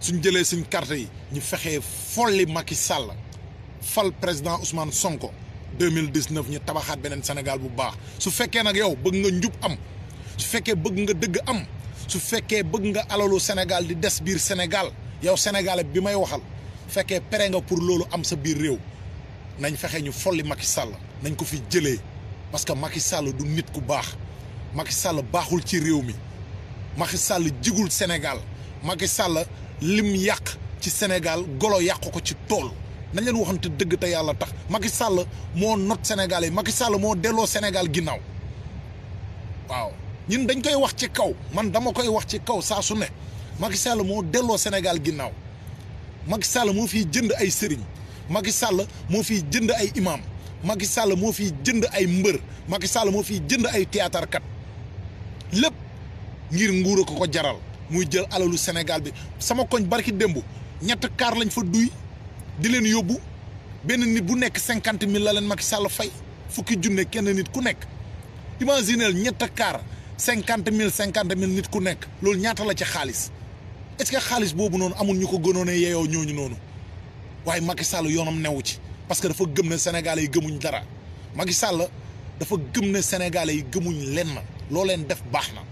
suñ jëlee suñ carte yi ñu fexee folli Macky Sall fal président Ousmane Sonko deux mille dix neuf ñu tabaxaat beneen Sénégal bu baax su fekkee nag yow bëgg nga njub am su fekkee bëgg nga dëgg am su fekkee bëgg nga alalu Sénégal di des biir Sénégal yow sénégalais bi may waxal fekkee pere nga pour loolu am sa biir réew nañ fexe ñu folli Macky Sall nañ ko fi jëlee parce que Macky Sall du nit ku baax Macky Sall baaxul ci réew mi Macky Sall jigul Sénégal Macky Sall lim yàq ci Sénégal golo yàq ko ci tool. nañ leen waxante dëgg te yàlla tax Macky Sall moo not Sénégal yi Macky Sall moo delloo Sénégal ginnaaw waaw ñun dañ koy wax ci kaw man dama koy wax ci kaw saa su ne Macky Sall moo delloo Sénégal ginnaaw Macky Sall moo fiy jënd ay sëriñ Macky Sall moo fi jënd ay imam Macky Sall moo fiy jënd ay mbër Macky Sall moo fi jënd ay théâtre kat lépp ngir nguur a ko ko jaral muy jël alalu Sénégal bi sama koñ barki démb ñett kaar lañ fa duy di leen yóbbu benn nit bu nekk cinquante mille la leen Macky Sall fay fukki junne kenn nit ku nekk imagineel ñett kaar cinquante mille cinquante mille nit ku nekk loolu ñaata la ci xaalis est-ce que xaalis boobu noonu amul ñu ko gënoon a yeeyoo ñooñu noonu waaye Macky Sall yoonam newu ci parce que dafa gëm ne Sénégalais yi gëmuñ dara Macky Sall dafa gëm ne Sénégalais yi gëmuñ lenn loo leen def baax na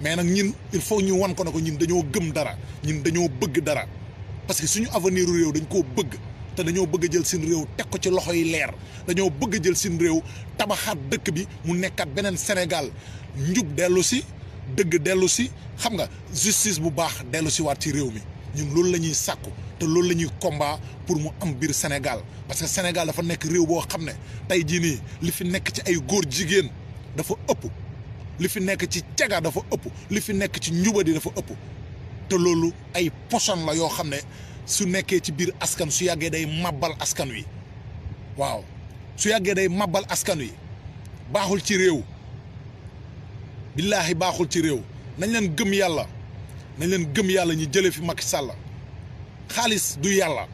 mais nag ñun il faut ñu wan ko ne ko ñun dañoo gëm dara ñun dañoo bëgg dara. parce que suñu avenir réew dañ koo bëgg te dañoo bëgg jël seen réew teg ko ci loxo yi leer dañoo bëgg jël seen réew tabaxaat dëkk bi mu nekkaat beneen senegal njub dellu si dëgg dellu si xam nga justice bu baax dellu si waat ci réew mi ñun loolu la ñuy sàkku te loolu la ñuy combat pour mu am biir Sénégal parce que Sénégal dafa nekk réew boo xam ne tey jii nii li fi nekk ci ay góor jigéen dafa ëpp li fi nekk ci caga dafa ëpp li fi nekk ci di dafa ëpp te loolu ay poson la yoo xam ne su nekkee ci biir askan su yàggee day màbbal askan wi waaw su yàggee day màbbal askan wi baaxul ci réew billaahi baaxul ci réew nañ leen gëm yàlla nañ leen gëm yàlla ñu jëlee fi mag Sall xaalis du yàlla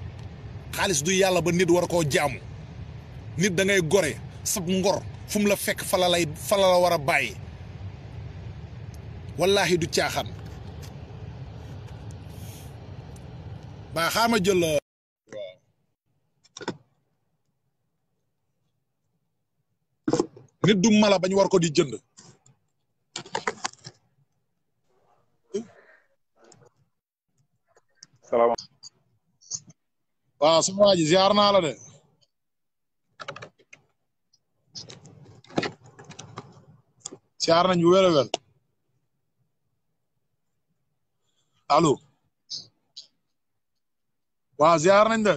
xaalis du yàlla ba nit war a koo jaamu nit dangay gore sab ngor fum la fekk fala lay fala la war a bàyyi wallaahi du caaxaan waaw xaama jël waaw nit mala bañ war ko di jënd salaam waaw sama waa ziar naa la ziar nañ bu wér a wér waaw ziar nañ la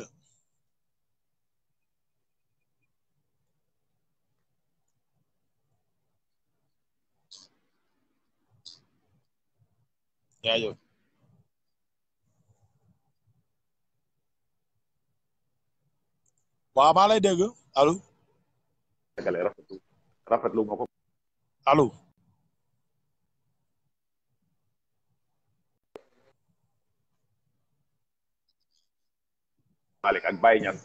jaajëf waaw maa rafet dégg allo. rafetlu rafetlu ma ko. allo. Malick ak Baye Niass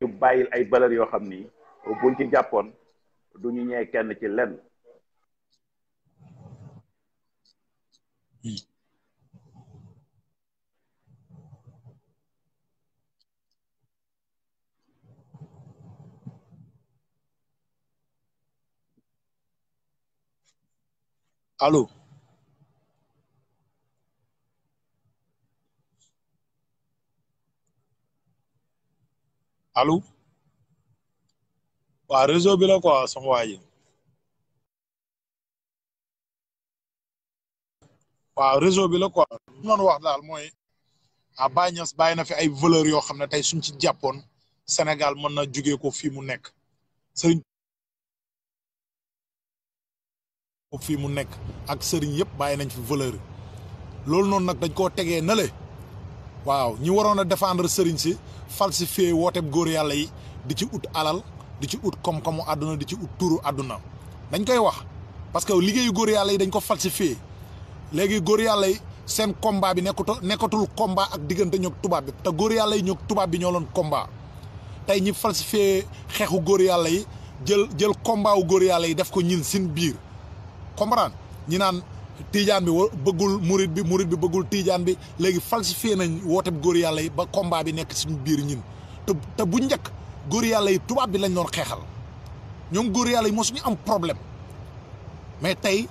ñu bàyyil ay valeur yoo xam ni buñ ci jàppoon du ñu ñee kenn ci lenn allo allo waa réseau bi la quoi sama waa waaw réseau bi la quoi li ma wax daal mooy ah Baye bàyyi na fi ay valeur yoo xam ne tey suñ ci jàppoon Sénégal mën na jugee ko fii mu nekk sëriñ ko fii mu nekk ak sëriñ yëpp bàyyi nañ fi valeur loolu noonu nag dañ koo tegee nale waaw ñi waroon a défendre sëriñ si falsifié wooteeb góor yàlla yi di ci ut alal di ci ut koom àdduna di ci ut tuuru àdduna dañ koy wax parce que liggéeyu góor yàlla yi dañ ko falsifié léegi góor yàlla yi seen combat bi nekkuto nekkatul combat ak diggante ñoog tubaab bi te góor yàlla yi ñoog tubaab bi ñoo loon combat tey ñi falsifié xeexu góor yàlla yi jël jël combat góor yàlla yi def ko ñin sin biir comprendre ñi naan tiijaan bi wo bëggul murit bi murit bi bëggul tiijaan bi léegi falsifié nañ woote góor yàlla yi ba combat bi nekk suñu biir ñin te te bu njëkk góor yàlla yi tubaab bi lañ doon xeexal ñoom góor yàlla yi ñu am problème mais tey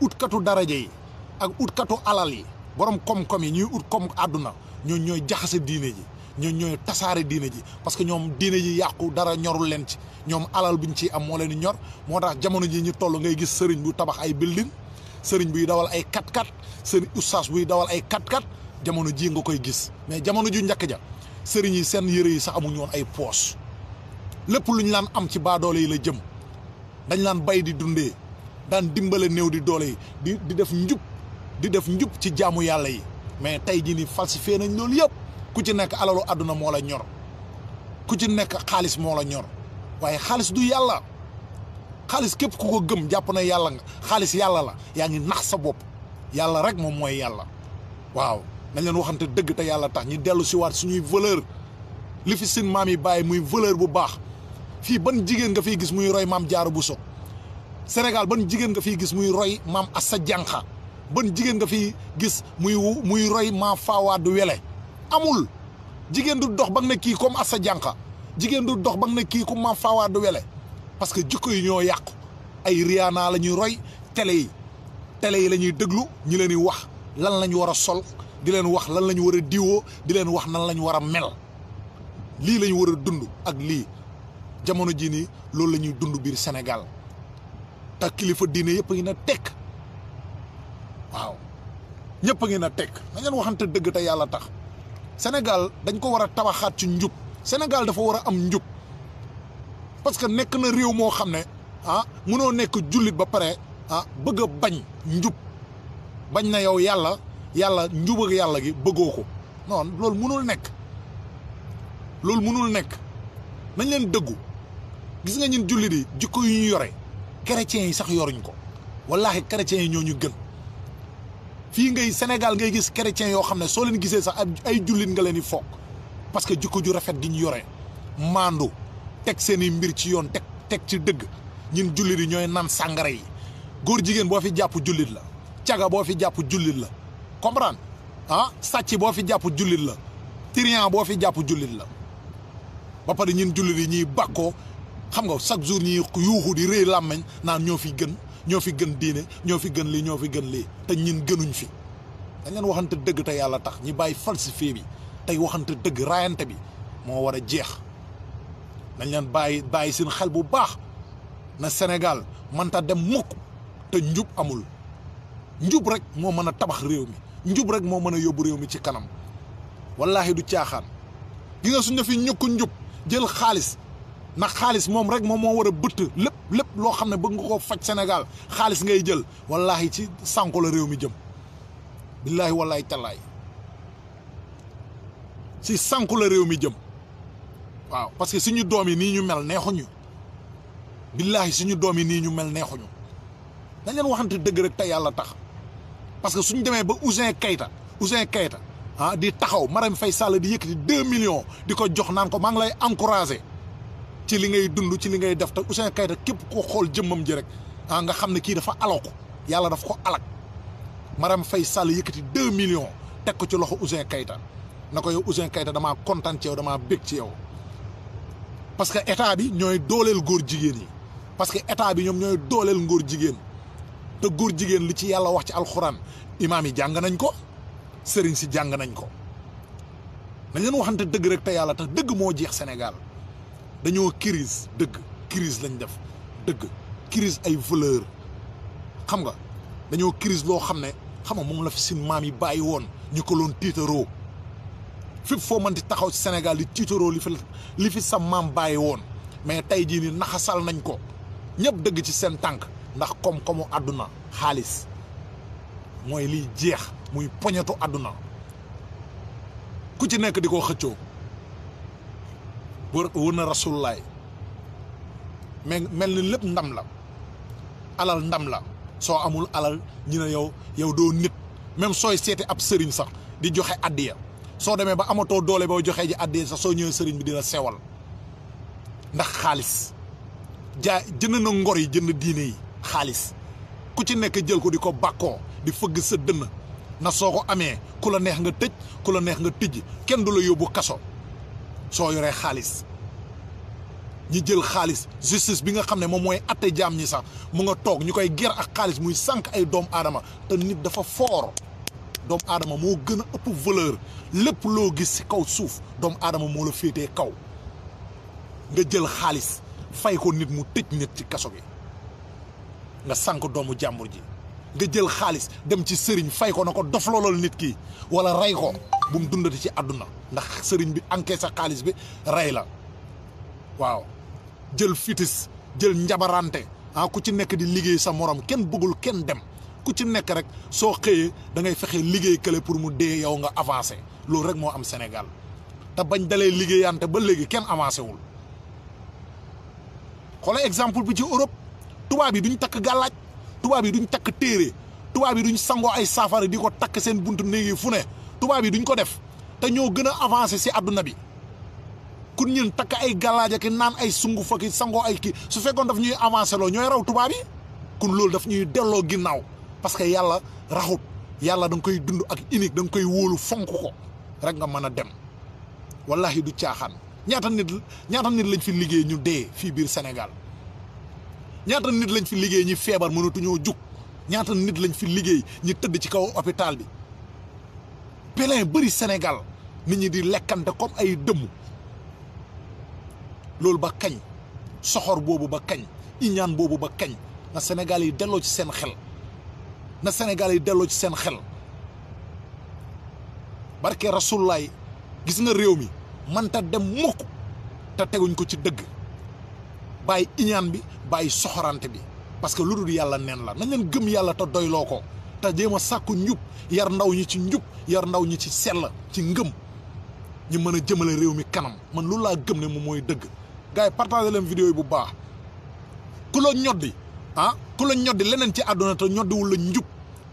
utkatu daraja yi ak utkatu alal yi borom koom-koom yi ñuy ut koom àdduna ñoo ñooy jaxase diine ji ñoo ñooy tasaare diine ji parce que ñoom diine ji yàqu dara ñorul leen ci ñoom alal buñ ci am moo leen ñor moo tax jamono ji ñu toll ngay gis sëriñ bu tabax ay building sëriñ buy dawal ay 4-4 sëriñ oustaz buy dawal ay 4-4 jamono jii nga koy gis mais jamono ju njëkk ja sëriñ yi seen yére yi sax amuñu ay poos lépp lu ñu laan am ci baa doole yi la jëm dañ laan bay di dundee daan dimbale néew di doole yi di di def njub di def njub ci jaamu yàlla yi mais tey jii ni falsifié nañ loolu yëpp ku ci nekk alalu àdduna moo la ñor ku ci nekk xaalis moo la ñor waaye xaalis du yàlla. xaalis képp ku ko gëm jàpp na yàlla nga xaalis yàlla la yaa ngi nax sa bopp yàlla rek moom mooy yàlla waaw nañ leen waxante dëgg te yàlla tax ñu dellu si waat suñuy valeur li fi seen maam yi bàyyi muy valeur bu baax fii ban jigéen nga fiy gis muy roy maam Diarra Bousso Sénégal ban jigéen nga fi gis muy roy maam Assa Diankha ban jigéen nga fiy gis muy muy roy maam Fawade Wele amul jigéen du dox ban nga ne kii comme sa Diankha jigéen du dox ban nga ne kii comme maam Fawade Wele parce que jikko yi ñoo yàqu ay Rihanna la ñuy roy tele yi télé yi lañuy ñuy déglu ñu leen di wax lan la ñu war a sol di leen wax lan lañu ñu war diwoo di leen wax nan lañu ñu war a mel lii lañu ñu war dund ak lii jamono jii nii loolu lañuy dund biir senegal te kilifa diine yëpp a ngi na tekk waaw ñëpp a ngi na tekk na ngeen waxante dëgg te yàlla tax senegal dañ ko war a tabaxaat ci njub Sénégal dafa war a am njub. parce que nekk na réew moo xam ne ah mënoo nekk jullit ba pare ah bëgg a bañ njub bañ na yow yàlla yàlla njub yàlla gi bëggoo ko non loolu mënul nekk loolu mënul nekk nañ leen dëggu gis nga ñun jullit yi jukko yi ñu yore chrétiens yi sax yoruñ ko wallaahi chrétiens yi ñoo ñu gën fii ngay senegal ngay gis chrétiens yoo xam ne soo leen gisee sax ay jullit nga leen yi foog parce que jikko ju rafet gi ñu yore maandu. teg seen i mbir ci yoon teg teg ci dëgg ñun jullit yi ñooy naan sàngara yi góor jigéen boo fi jàpp jullit la caga boo fi jàpp jullit la comprendre ah sàcc boo fi jàpp jullit la trian boo fi jàpp jullit la ba pare ñun jullit yi ñuy bakkoo xam nga chaque jour ñuy yuuxu di rëy làmmeñ naan ñoo fi gën ñoo fi gën diine ñoo fi gën li ñoo fi gën lii te ñun gënuñ fi dañ waxante dëgg te yàlla tax ñi bàyyi falsifié bi tey waxante dëgg raayante bi moo war a jeex nañ leen bàyyi bàyyi seen xel bu baax na Sénégal mënta dem mukk te njub amul njub rek moo mën a tabax réew mi njub rek moo mën a yóbbu réew mi ci kanam wallaahi du caaxaan gi nga suñ fi ñukk njub jël xaalis ndax xaalis moom rek moom moo war a bëtt lépp lépp loo xam ne bëgg nga koo faj Sénégal xaalis ngay jël wallaahi ci sànko la réew mi jëm billaahi wallaahi tallaay ci sànku la réew mi jëm waaw parce que suñu doom yi nii ñu mel neexuñu billaahi suñu doom yi nii ñu mel neexuñu dañ leen waxante dëgg rek te yàlla tax parce que suñu demee ba Ouzin Keita Ouzin Keita ah di taxaw Marème fay Sall di yëkkati deux million di ko jox naan ko maa ngi lay encouragé ci li ngay dund ci li ngay def te Ouzin Keita képp koo xool jëmmam ji rek ah nga xam ne kii dafa aloo ko yàlla daf ko alak Marème fay Sall yëkkati deux millions teg ko ci loxo Ouzin Keita na ko yow Ouzin damaa kontaan ci yow damaa bég ci yow. parce que état bi ñooy dooleel góor jigéen yi parce que état bi ñoom ñooy dooleel ngóor jigéen te góor jigéen li ci yàlla wax ci alxuraan imaam yi jàng nañ ko sëriñ si jàng nañ ko dañ leen waxante dëgg rek te yàlla tax dëgg moo jeex Sénégal dañoo crise dëgg crise lañ def dëgg crise ay valeur xam nga dañoo crise loo xam ne xam nga moom la fi seen maam yi bàyyi woon ñu ko loon tiitaroo fépp foo mënti taxaw ci Sénégal li tiitaroo li fi li fi sa maam bàyyi woon mais tey jii nii naxasal nañ ko ñëpp dëgg ci seen tànk ndax koom-koomu àdduna xaalis mooy liy jeex muy poñetu àdduna ku ci nekk di ko xëccoo wër na rasulullaay mais mel ni lépp ndam la alal ndam la soo amul alal ñu ne yow yow doo nit même sooy seeti ab sëriñ sax di joxe addiya soo demee ba amatoo doole boo joxee ji àddee sax soo ñëwee sëriñ bi dina sewal ndax xaalis jaa jënd na ngor yi jënd diine yi xaalis ku ci nekk jël ko di ko bàkkoo di fëgg sa dënn na soo ko amee ku la neex nga tëj ku la neex nga tëj kenn du la yóbbu kaso soo yoree xaalis ñi jël xaalis justice bi nga xam ne moom mooy atte jaam ñi sax mu nga toog ñu koy ger ak xaalis muy sànq ay doom aadama te nit dafa foor doomu aadama moo gën a ëpp valeur lépp loo gis ci kaw suuf doomu aadama moo la féetee kaw nga jël xaalis fay ko nit mu tëj nit ci kaso bi nga sànq doomu jàmbur ji nga jël xaalis dem ci sëriñ fay ko na ko dof loolal nit ki walla rey ko bu mu dundati ci àdduna ndax sëriñ bi encaissé xaalis bi rey la waaw jël fitis jël njabarante ah ku ci nekk di liggéey sa morom kenn bëggul kenn dem ku ci nekk rek soo xëyee da ngay fexe liggéey kële pour mu dee yow nga avancé loolu rek moo am Sénégal te bañ dalee liggéeyante ba léegi kenn avancé wul xoola exemple bi ci Europe tubaab yi duñ takk gàllaaj tubaab yi duñu takk téere tubaab yi duñ sangoo ay saafara di ko takk seen bunt néeg fu ne tubaab yi duñu ko def te ñoo gën a avancé si àdduna bi kun ñun takk ay gàllaaj ak naan ay sungu fa ki sangoo ay kii su fekkoon daf ñuy avancé loo ñooy raw tubaab yi kun loolu daf ñuy delloo ginnaaw parce que yàlla raxut yàlla da nga koy dund ak unique da nga koy wóolu fonk ko rek nga mën a dem wallahi du caaxaan ñaata nit ñaata nit lañ fi liggéey ñu dee fii biir senegal ñaata nit lañ fi liggéey ñi feebar mënatuñoo jug ñaata nit lañ fi liggéey ñi tëdd ci kaw hôpital bi pelin bari senegal nit ñi di lekkante comme ay dëmm loolu ba kañ soxor boobu ba kañ iñaan boobu ba kañ na Sénégal yi delloo ci seen xel na Sénégal yi delloo ci seen xel barke rasulaay gis nga réew mi mënta dem mukk te teguñ ko ci dëgg bàyyi iñaan bi bàyyi soxorante bi parce que lu dul yàlla neen la nañ gëm yàlla te doyloo ko te jéem a sàkku njub yar ndaw ñi ci njub yar ndaw ñi ci sell ci ngëm ñu mën a jëmale réew mi kanam man loolu laa gëm ne moom mooy dëgg gaay yi partagé leen vidéo yi bu baax ku la ñoddi ah, ku la ñoddi leneen ci àdduna te ñoddiwul la njub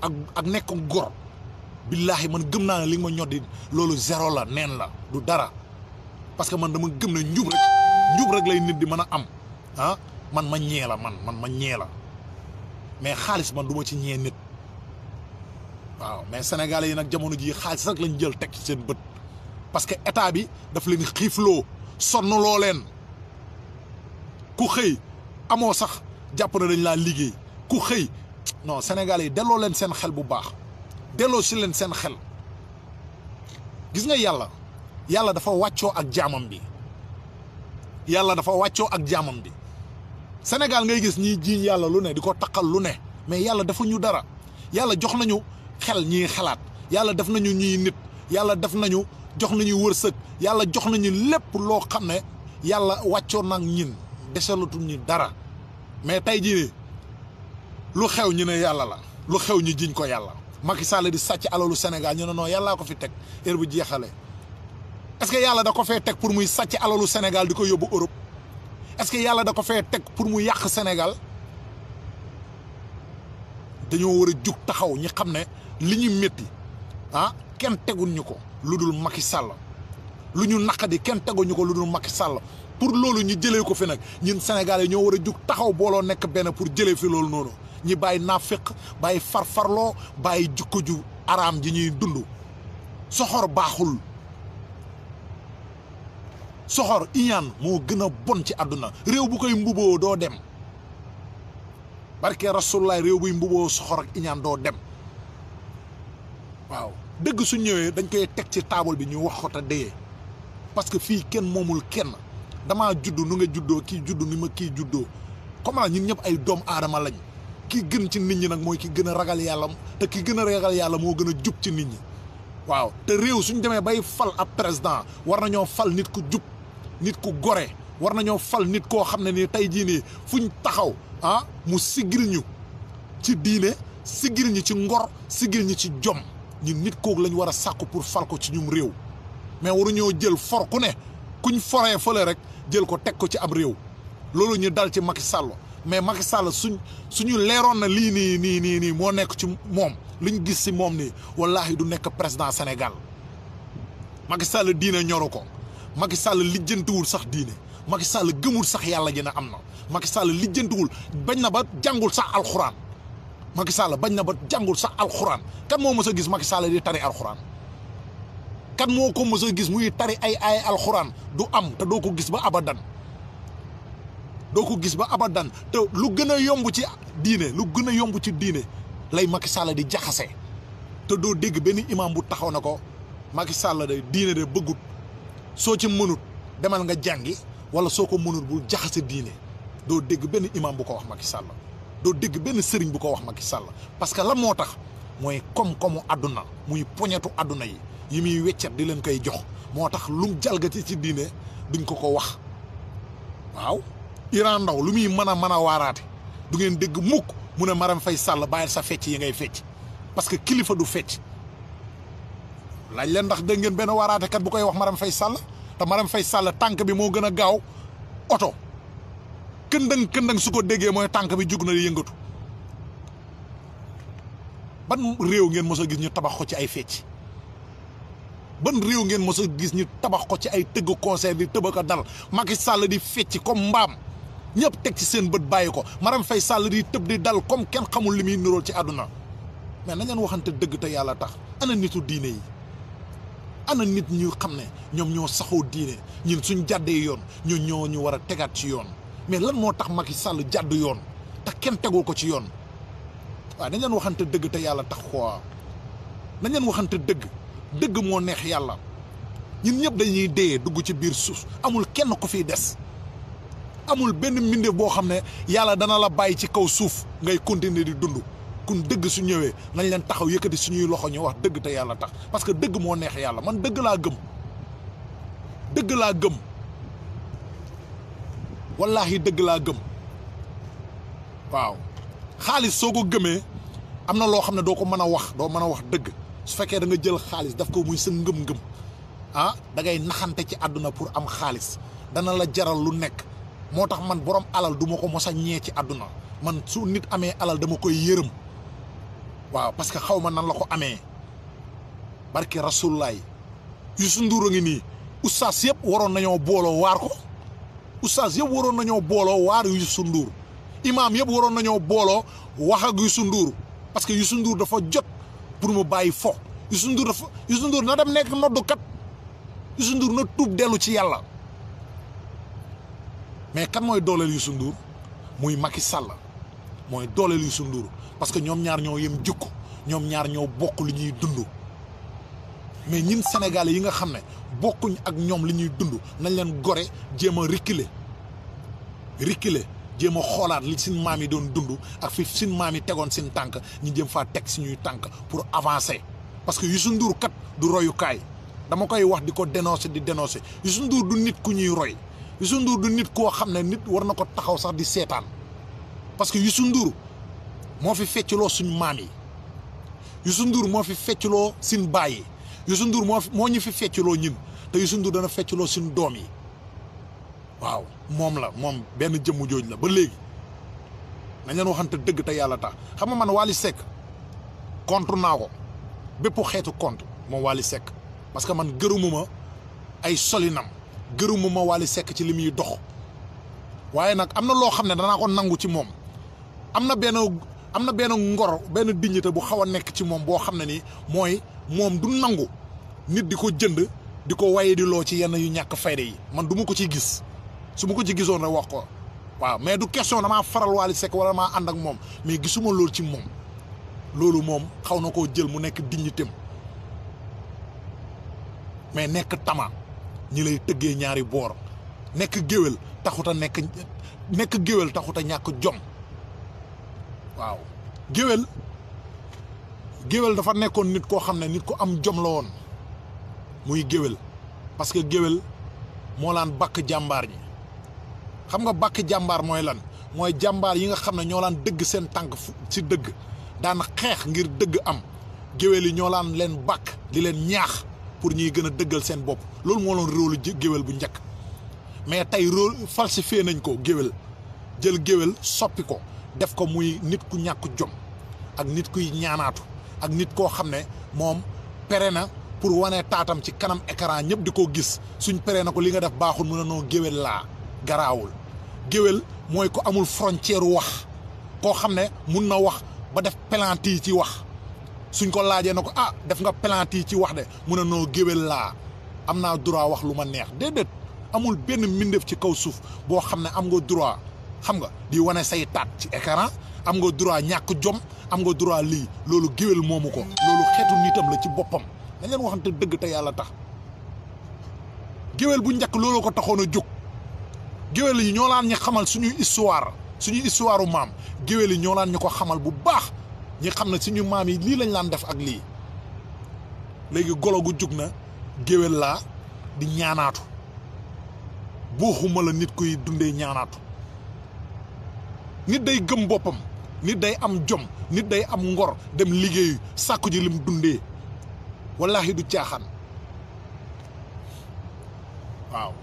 ak ak nekk gor billaahi man gëm naa ne li nga ma ñoddi loolu zéro la neen la du dara parce que man dama gëm ne njub rek njub rek lay nit di mën a am ah man ma ñee la man man ma ñee la mais xaalis man du ma ci ñee nit waaw mais sénégalais yi nag jamono jii xaalis rek lañ jël teg ci seen bët parce que état bi dafa leen xiifloo sonn loo leen ku xëy amoo sax jàpp na dañ laa liggéey ku xëy non Sénégal yi delloo leen seen xel bu baax delloo si leen seen xel gis nga yàlla yàlla dafa wàccoo ak jaamam bi yàlla dafa wàccoo ak jaamam bi Sénégal ngay gis ñiy jiiñ yàlla lu ne di ko taqal lu ne mais yàlla dafa ñu dara yàlla jox nañu xel ñiy xalaat yàlla def nañu ñuy nit yàlla def nañu jox nañuy wërsëg yàlla jox nañu lépp loo xam ne yàlla wàccoon nag ñin desalatu ñu dara mais tey jii lu xew ñu ne yàlla la lu xew ñu jiñ ko yàlla Macky Sall di sàcc alalu Sénégal ñu ne non yàllaa ko fi teg heure bu jeexalee est-ce que yàlla da ko fee teg pour muy sàcc alalu Sénégal di ko yóbbu Europe est que yàlla da ko fee teg pour mu yàq Sénégal dañoo war a jug taxaw ñi xam ne li ñu métti ah kenn ñu ko lu dul makki sàll lu ñu naq naqadi kenn teguñu ko lu dul Macky Sall pour loolu ñu jëlee ko fi nag ñun yi ñoo war a jug taxaw booloo nekk benn pour jëlee fi loolu noonu ñi bàyyi naafiq bàyyi farfarloo bàyyi jukko ju araam ji ñuy dund soxor baaxul soxor iñaan moo gën a bon ci àdduna réew bu koy mbuboo doo dem barke rasulaay réew buy mbuboo soxor ak iñaan doo dem waaw dëgg suñu ñëwee dañ koy teg ci taabal bi ñu wax ko te dee parce que fii kenn moomul kenn damaa juddu nu nga juddoo kii juddu ni ma kii juddoo comment ñun ñëpp ay doom aadama lañ kii gën ci nit ñi nag mooy ki gën a ragal yàlla te ki gën a ragal yàlla moo gën a jub ci nit ñi waaw te réew suñ demee bay fal ab président war na nañoo fal nit ku jub nit ku gore war nañoo fal nit koo xam ne nii tey jii nii fu fuñ taxaw ah mu siggil ñu ci diine siggil ñu ci ngor siggil ñu ci jom ñun nit kooku lañ war a sàkku pour fal ko ci ñum réew mais war waruñoo jël for ku ne kuñ foree fële rek jël ko teg ko ci ab réew loolu ñu dal ci Macky Sall mais Macky sàll suñ suñu leeroon na lii nii nii nii nii moo nekk ci moom li ñu gis si moom nii wallaahi du nekk président Sénégal Macky sàll diine ñoru ko Macky sàll lijjantiwul sax diine Macky sàll gëmul sax yàlla ji na am na Macky sàll lijjantiwul bañ na ba jàngul sax alxuraan Macky Sall bañ na ba jàngul sax alxuraan kan moo mës a gis Macky Sall di tari alxuraan. kan moo ko mës a gis muy tari ay ay alxuraan du am te doo ko gis ba abadan doo ko gis ba abadan te lu gën a yomb ci diine lu gën a yomb ci diine lay Macky Sall di jaxase te doo dégg benn imam bu taxaw na ko Macky Sall de diine de bëggut soo ci mënut demal nga jàngi wala soo ko mënut bu jaxase diine doo dégg benn imam bu ko wax Macky Sall doo dégg benn sëriñ bu ko wax Macky Sall parce que lan moo tax mooy koom-koomu àdduna muy poñetu àdduna yi. yi muy weccat di leen koy jox moo tax lum jalgati ci diine duñ ko ko wax waaw Iran Ndaw lu muy mën a mën a waaraate du ngeen dégg mukk mu ne Marème fay Sall bàyyil sa fecc yi ngay fecc parce que kilifa du fecc laaj leen ndax dégg ngeen benn waaraatekat bu koy wax Marème fay Sall te Marème fay Sall tànk bi moo gën a gaaw oto këndëng këndëng su ko déggee mooy tànk bi jug na di yëngatu ban réew ngeen mos a gis ñu tabax ko ci ay fecc ban réew ngeen mos a gis ñu tabax ko ci ay tëgg concert di tëb ko dal Macky Sall di fecc comme mbaam ñëpp teg ci seen bët bàyyi ko Marème fay sàll di tëb di dal comme kenn xamul li muy nirool ci àdduna mais na leen waxante dëgg te yàlla tax ana nitu diine yi ana nit ñu xam ne ñoom ñoo saxoo diine ñun suñ jàddee yoon ñu ñoo ñu war a tegaat ci yoon mais lan moo tax Macky sàll jàdd yoon te kenn tegul ko ci yoon waaw nañ leen waxante dëgg te yàlla tax quoi nañ leen waxante dëgg. dëgg moo neex yàlla ñun ñëpp dañuy dee dugg ci biir suuf amul kenn ku fi des amul benn mbindeef boo xam ne yàlla dana la bàyyi ci kaw suuf ngay continuer di dund kun dëgg su ñëwee nañ leen taxaw yëkkati suñuy loxo ñu wax dëgg te yàlla tax parce que dëgg moo neex yàlla man dëgg laa gëm dëgg laa gëm wallaahi dëgg laa gëm waaw xaalis soo ko gëmee am na loo xam ne doo ko mën a wax doo mën a wax dëgg su fekkee da nga jël xaalis daf ko muy sa ngëm-ngëm ah da ngay naxante ci àdduna pour am xaalis dana la jaral lu nekk moo tax man borom alal du ma ko mos a ñee ci àdduna man su nit amee alal dama koy yërëm waaw parce que xaw ma nan la ko amee barke rasulullaay Youssou Ndour a ngi nii oustaz yëpp waroon nañoo booloo waar ko oustaz yëpp waroon nañoo booloo waar Youssou Ndour imaam yëpp waroon nañoo booloo wax ak Youssou Ndour parce que Youssou Ndour dafa jot. pour mu bàyyi fo Youssou Ndour dafa Youssou Ndour na dem nekk noddukat Youssou Ndour na tuub dellu ci yàlla mais kan mooy dooleel yu Ndour muy i Sall mooy dooleel yu Ndour parce que ñoom ñaar ñoo yem jukko ñoom ñaar ñoo bokk li ñuy dund mais ñun Sénégalais yi nga xam ne bokkuñ ak ñoom li ñuy dund nañ leen gore jéem a reculer reculer jéem a xoolaat li seen maam yi doon dund ak fi seen maam yi tegoon seen tànk ñu jéem faa teg suñuy tànk pour avancer parce que Youssou Ndour kat du royukaay dama koy wax di ko dénoncer di dénoncer Youssou Ndour du nit ku ñuy roy Youssou Ndour du nit koo xam ne nit war na ko taxaw sax di seetaan parce que Youssou Ndour moo fi feccloo suñ maam yi Youssou Ndour moo fi feccloo suñ baay yi Youssou Ndour moo moo ñu fi feccloo ñun te Youssou Ndour dana feccloo suñ doom yi. waaw moom la moom benn jëmm jooju la ba léegi nañ leen waxante dëgg te yàlla tax xam nga man Wally Seck contre naa ko bépp xeetu kont moom Wally Seck parce que man gërëmuma ay solinam gërëmuma Wally sekk ci li muy dox waaye nag am na loo xam ne danaa ko nangu ci moom am na benn am na benn ngor benn dignité bu xaw a nekk ci moom boo xam ne ni mooy moom du nangu nit di ko jënd di ko waye di loo ci yenn yu ñàkk fayda yi man duma ko ciy gis su ma ko ci gisoon rek wax ko waaw mais du question damaa faral Wally Seck wala damaa ànd ak moom mais gisuma loolu ci moom loolu moom xaw na koo jël mu nekk dignité mais nekk tama ñi lay tëggee ñaari boor nekk géwél taxuta nekk nekk géwél taxuta ñàkk jom waaw géwél géwél dafa nekkoon nit koo xam ne nit ko am jom la woon muy géwél parce que géwél moo laan bakk jàmbaar ñi xam nga bàkk jàmbaar mooy lan mooy jàmbaar yi nga xam ne ñoo laan dëgg seen tànk ci dëgg daan xeex ngir dëgg am géwél yi ñoo laan leen bàkk di leen ñaax pour ñuy gën a dëggal seen bopp loolu moo loon rôle géwél bu njëkk mais tey rôle falsifié nañ ko géwél jël géwél soppi ko def ko muy nit ku ñàkk jom ak nit kuy ñaanaatu ak nit koo xam ne moom pere na pour wane taatam ci kanam écran ñëpp di ko gis suñ pere na ko li nga def baaxul mu ne noo géwél laa garaawul géwél mooy ko amul frontière wax koo xam ne mun na wax ba def pelanti ci wax suñ ko laajee na ko ah def nga pelanti ci wax de mu ne noo géwél laa am naa droit wax lu ma neex déedéet amul benn mbindeef ci kaw suuf boo xam ne am nga droit xam nga di wane say taat ci écran am nga droit ñàkk jom am nga droit lii loolu géwél moomu ko loolu xeetu nitam la ci boppam dañ leen waxante dëgg te yàlla tax géwél bu njëkk looloo ko taxoon a jóg géwel yi ñoo laan ñi xamal suñuy histoire suñuy histoire maam géwél yi ñoo laan ñu ko xamal bu baax ñi xam ne suñu maam yi lii lañ laan def ak lii léegi golo gu jóg na géwél laa di ñaanaatu buuxuma la nit kuy dundee ñaanaatu nit day gëm boppam nit day am jom nit day am ngor dem liggéeyu sàkku ji lim dundee wallaahi du caaxaan waaw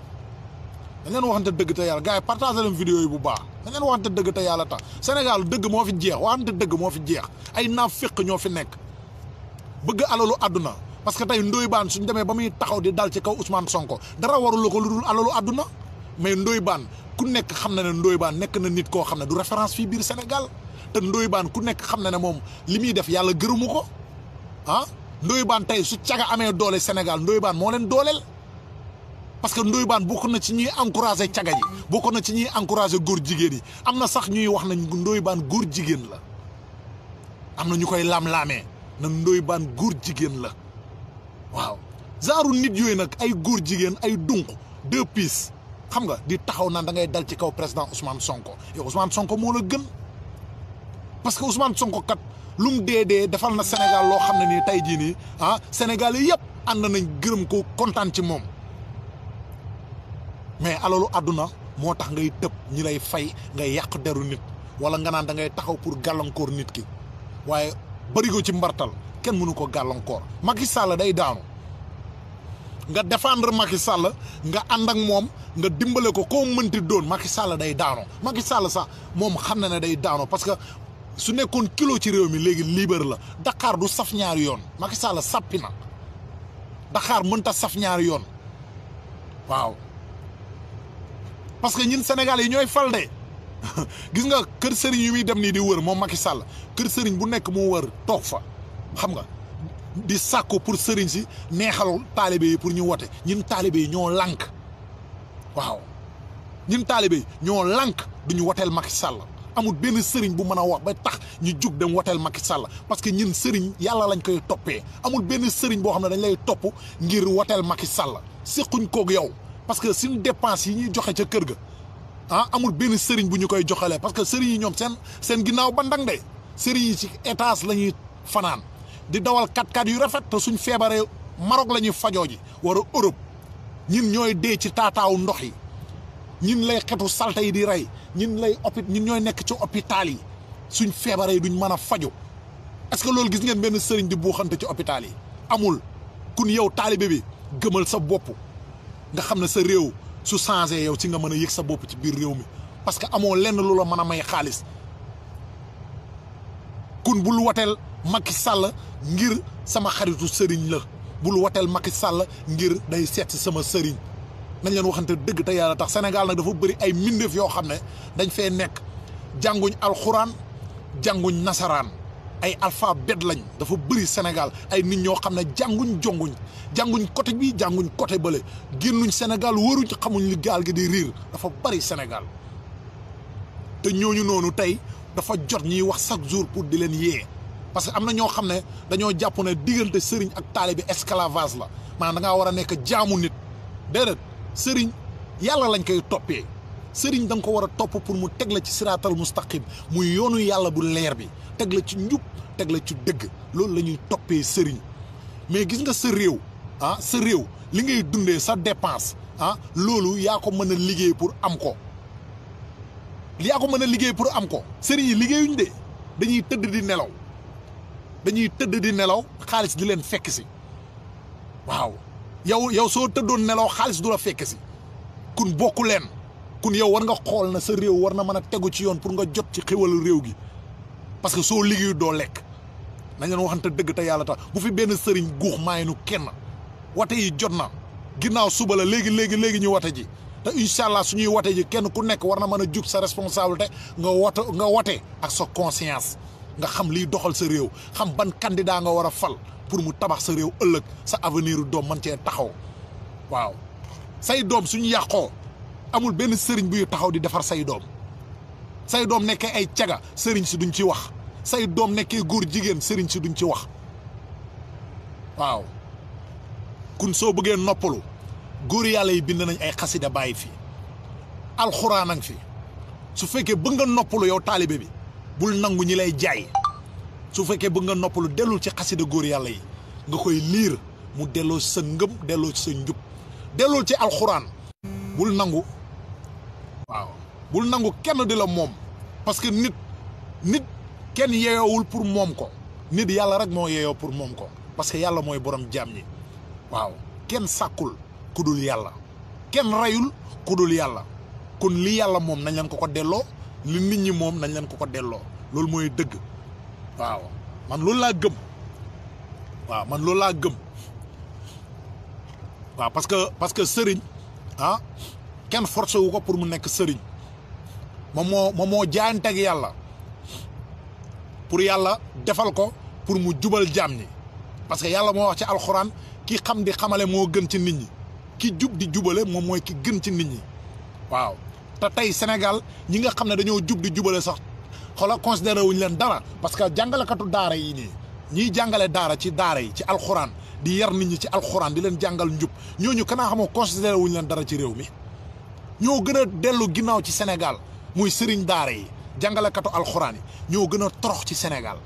da waxante dëgg te yàlla gars yi partagé leen vidéo yi bu baax da ngeen waxante dëgg te yàlla tax Sénégal dëgg moo fi jeex waxante dëgg moo fi jeex ay naaf féq ñoo fi nekk bëgg alalu àdduna parce que tey Ndoye Bane suñ demee ba muy taxaw di dal ci kaw Ousmane Sonko dara warulu ko lu dul alalu àdduna mais Ndoye ku nekk xam na ne Ndoye nekk na nit koo xam ne du référence fii biir Sénégal te Ndoye ku nekk xam na ne moom li muy def yàlla gërëmu ko ah Ndoye Bane tey su caga amee doole Sénégal Ndoye moo leen dooleel parce que Ndoye Bane bokk na ci ñuy encouragé caga yi bokk na ci ñuy encouragé góor jigéen yi am na sax ñuy wax nañ Ndoye Bane góor jigéen la am na ñu koy laam-laamee na Ndoye góor jigéen la waaw genre nit yooyu nag ay góor jigéen ay dunk deux pièces xam nga di taxaw naan da ngay dal ci kaw président Ousmane Sonko yow Ousmane Sonko moo la gën parce que Ousmane Sonko kat lu dee dee defal na Sénégal loo xam ne nii tey jii nii ah Sénégal yi yëpp ànd nañ gërëm ko kontaan ci moom. mais alalu àdduna moo tax ngay tëb ñi lay fay ngay yàq deru nit wala nga naan da ngay taxaw pour gàllankoor nit ki waaye barigo ci mbartal kenn mënu ko gàllankoor Macky Sall day daanu nga défendre Macky Sall nga ànd ak moom nga dimbale ko koo mënti doon Macky Sall day daano Macky Sall sax moom xam na ne day daano parce que su nekkoon kilo ci réew mi léegi libre la Dakar du saf ñaari yoon Macky Sall sappi na Dakar mënta saf ñaari yoon waaw parce que ñun Sénégal yi ñooy fal de gis nga kër sëriñ yi muy dem nii di wër moom Macky Sall kër sëriñ bu nekk mu wër toog fa xam nga di sàkku pour sëriñ si neexal taalibe yi pour ñu wote ñun taalibe yi ñoo lànk waaw ñun taalibe yi ñoo lànk duñu woteel Macky Sall amul benn sëriñ bu mën a wax ba tax ñu jug dem woteel Macky Sall parce que ñun sëriñ yàlla lañ koy toppee amul benn sëriñ boo xam ne dañ lay topp ngir woteel Macky Sall séquñ kook yow parce que suñu dépense yi ñuy joxe ca kër ga ah amul benn sëriñ bu ñu koy joxalee parce que sëriñ yi ñoom seen seen ginnaaw ba ndang de sëriñ yi ci étage la ñuy fanaan di dawal kat-kat yu rafet te suñ feebaree Maroc la ñuy fajoo ji wala Europe ñin ñooy dee ci taataawu ndox yi ñin lay xetu salte yi di rey ñin lay opi ñin ñooy nekk ci hôpital yi suñ feebaree duñ mën a faju est que loolu gis ngeen benn sëriñ di buuxante ci hôpital yi amul kun yow taalibe bi gëmal sa bopp nga xam ne sa réew su changé yow ci nga mën a yëg sa bopp ci biir réew mi parce que amoo lenn lu la mën a may xaalis kun bul woteel Macky Sall ngir sama xaritu sëriñ la bul woteel Macky Sall ngir day seet si sama sëriñ nañ leen waxante dëgg te yàlla tax Sénégal nag dafa bëri ay mbindeef yoo xam ne dañ fee nekk jànguñ alxuraan jànguñ nasaraan ay alphabet lañ dafa bëri Sénégal ay nit ñoo xam ne jànguñ jonguñ jànguñ côté bii jànguñ côté bële génnuñ Sénégal waruñ xamuñ li gaal gi di riir dafa bëri Sénégal te ñooñu noonu tey dafa jot ñuy wax chaque jour pour di leen yee parce que am na ñoo xam ne dañoo jàpp ne diggante sëriñ ak taalibe esclavage la maa da war a nekk jaamu nit déedéet sëriñ yàlla lañ koy toppee. sëriñ danga ko war a topp pour mu teg la ci siraatal mustaqim muy yoonu yàlla bu leer bi teg la ci njub teg la ci dëgg loolu la ñuy toppee sëriñ mais gis nga sa réew ah sa réew li ngay dundee sa dépense ah loolu yaa ko mën a liggéey pour am ko yaa ko mën a liggéey pour am ko sëriñ yi liggéeyuñ de dañuy tëdd di nelaw dañuy tëdd di nelaw xaalis di leen fekk si waaw yow yow soo tëddoon nelaw xaalis du la fekk si kun bokku leen kun yow war nga xool na sa réew war na mën a tegu ci yoon pour nga jot ci xéwalu réew gi parce que soo liggéeyu doo lekk nañ leen waxante dëgg te yàlla tax bu fi benn sëriñ guux maay nu kenn wate yi jot na ginnaaw suba la léegi léegi léegi ñu wate ji te incha allah suñuy wate ji kenn ku nekk war na mën a jug sa responsabilité nga wate nga wate ak sa conscience nga xam liy doxal sa réew xam ban candidat nga war a fal pour mu tabax sa réew ëllëg sa avenir doom man cee taxaw waaw say doom suñu yàqoo amul benn sëriñ buy taxaw di defar say doom say doom nekkee ay caga sëriñ si duñ ci wax say doom nekkee góor jigéen sëriñ si duñ ci wax waaw kun soo bëggee noppalu góor yàlla yi bind nañ ay xasida bàyyi fi alxuraan a fi su fekkee bëgg nga noppalu yow taalibe bi bul nangu ñi lay jaay su fekkee bëgg nga noppalu dellul ci xasida góor yàlla yi nga koy liir mu delloo sa ngëm delloo ci sa njub delloo ci alxuraan bul nangu bul nangu kenn di la moom parce que nit nit kenn yeyoowul pour moom ko nit yàlla rek moo yeyoo pour moom ko parce que yàlla mooy borom jaam ñi waaw kenn sàkkul ku dul yàlla kenn reyul ku dul yàlla kon li yàlla moom nañ leen ko ko delloo li nit ñi moom nañ leen ko ko delloo loolu mooy dëgg waaw man loolu laa gëm waaw man loolu laa gëm waaw parce que parce que sëriñ ah kenn forcé wu ko pour mu nekk sëriñ moom moo moom moo jaayanteeg yàlla pour yàlla defal ko pour mu jubal jaam ñi parce que yàlla moo wax ci alxuraan ki xam di xamale moo gën ci nit ñi ki jub di jubale moom mooy ki gën ci nit ñi waaw te tey Sénégal ñi nga xam ne dañoo jub di jubale sax xoola considéré wuñu leen dara parce que jàngalekatu daara yi nii ñiy jàngale daara ci daara yi ci alxuraan di yar nit ñi ci alxuraan di leen jàngal njub ñooñu kanaa xamu considéré wuñu leen dara ci réew mi ñoo gën a dellu ginnaaw ci Sénégal muy sëriñ daara yi jàngalekatu alxuraan yi ñoo gën a torox ci Sénégal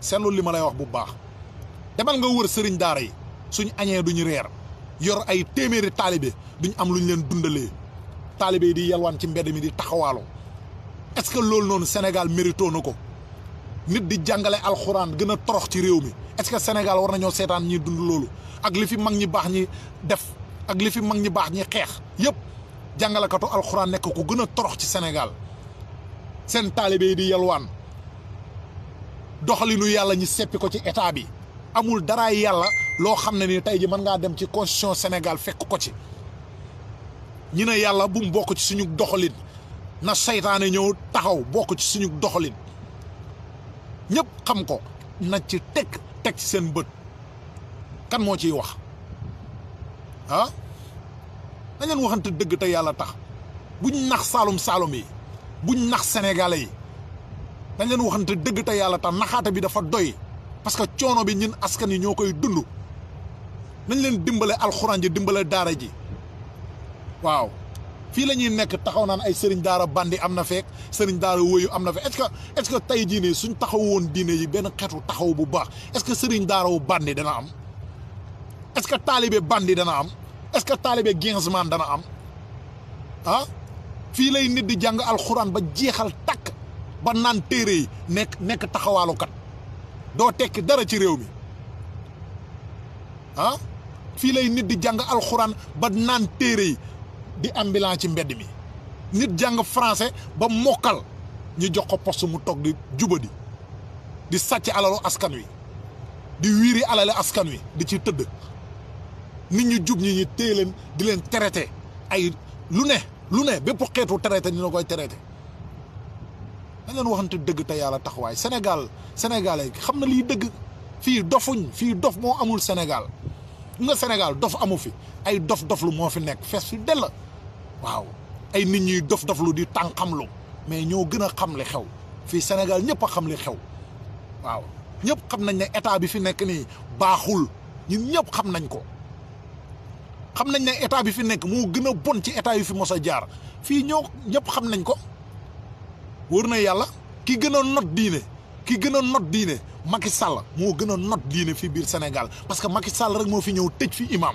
seetlu li ma lay wax bu baax demal nga wër sëriñ daara yi suñu añee duñu reer yor ay téeméeri taalibe duñu am lu ñu leen dundalee taalibe yi di yalwaan ci mbedd mi di taxawaalu est-ce que loolu noonu Sénégal mérito na ko nit di jàngale alxuraan gën a torox ci réew mi est-ce que Sénégal war nañoo seetaan ñiy dund loolu ak li fi mag ñi baax ñi def ak li fi mag ñi baax ñi xeex yépp jàngalekatu alxuraan nekk ku gën a torox ci Sénégal seen taalibe yi di yalwaan doxalinu yàlla ñi seppi ko ci état bi amul dara yàlla loo xam ne ni tey ji mën ngaa dem ci constitution Sénégal fekk ko ci ñi ne yàlla bu mu bokk ci suñu doxalin na seytaane ñëw taxaw bokk ci suñu doxalin ñëpp xam ko na ci teg teg ci seen bët kan moo ciy wax ah? dañ leen waxante dëgg te yàlla tax buñ nax saalum saalum yi buñ nax sénégalais yi dañ leen waxante dëgg te yàlla tax naxaate bi dafa doy parce que coono bi ñun askan yi ñoo koy dund nañ leen dimbale alxuraan ji dimbale daara ji waaw fii la ñuy nekk taxaw naan ay sëriñ daara bandi am na feek sëriñ daara wóyu am na feek est-ce ce que tey jii nii suñ taxaw woon diine yi benn xeetu taxaw bu baax est-ce que sëriñ daara wu bandi dana am est-ce que taalibe bandi dana am est-ce que taalibe Guinsman dana am ah? fii lay nit di jàng alxuraan ba jeexal takk ba naan téere yi nekk nekk taxawaalukat doo tekki dara ci réew mi ah? fii lay nit di jàng alxuraan ba naan téere yi di ambulant ci mbedd mi nit jàng français ba mokkal ñu jox ko poste mu toog di jubadi di sàcc alalu askan wi di wiiri alale askan wi di ci tëdd nit ñu jub ñi ñu téye leen di leen traité ay lu ne lu ne bépp xeetu traité ñu na koy traité dañ leen waxante dëgg te yàlla taxawaay Sénégal sénégalais xam na liy dëgg fii dofuñ fii dof moo amul Sénégal nga Sénégal dof amu fi ay dof doflu moo fi nekk fees fi dell waaw ay nit ñuy dof doflu di tànqamlu mais ñoo gën a xam li xew fii Sénégal ñëpp a xam li xew waaw ñëpp xam nañ ne état bi fi nekk nii baaxul ñun ñëpp xam nañ ko xam nañ na état bi fi nekk moo gën a bon ci état yi fi mos a jaar fii ñoo ñëpp xam nañ ko wër na yàlla ki gën a not diine ki gën a not diine Macky moo gën a not diine fii biir Sénégal parce que Macky Sall rek moo fi ñëw tëj fi imaam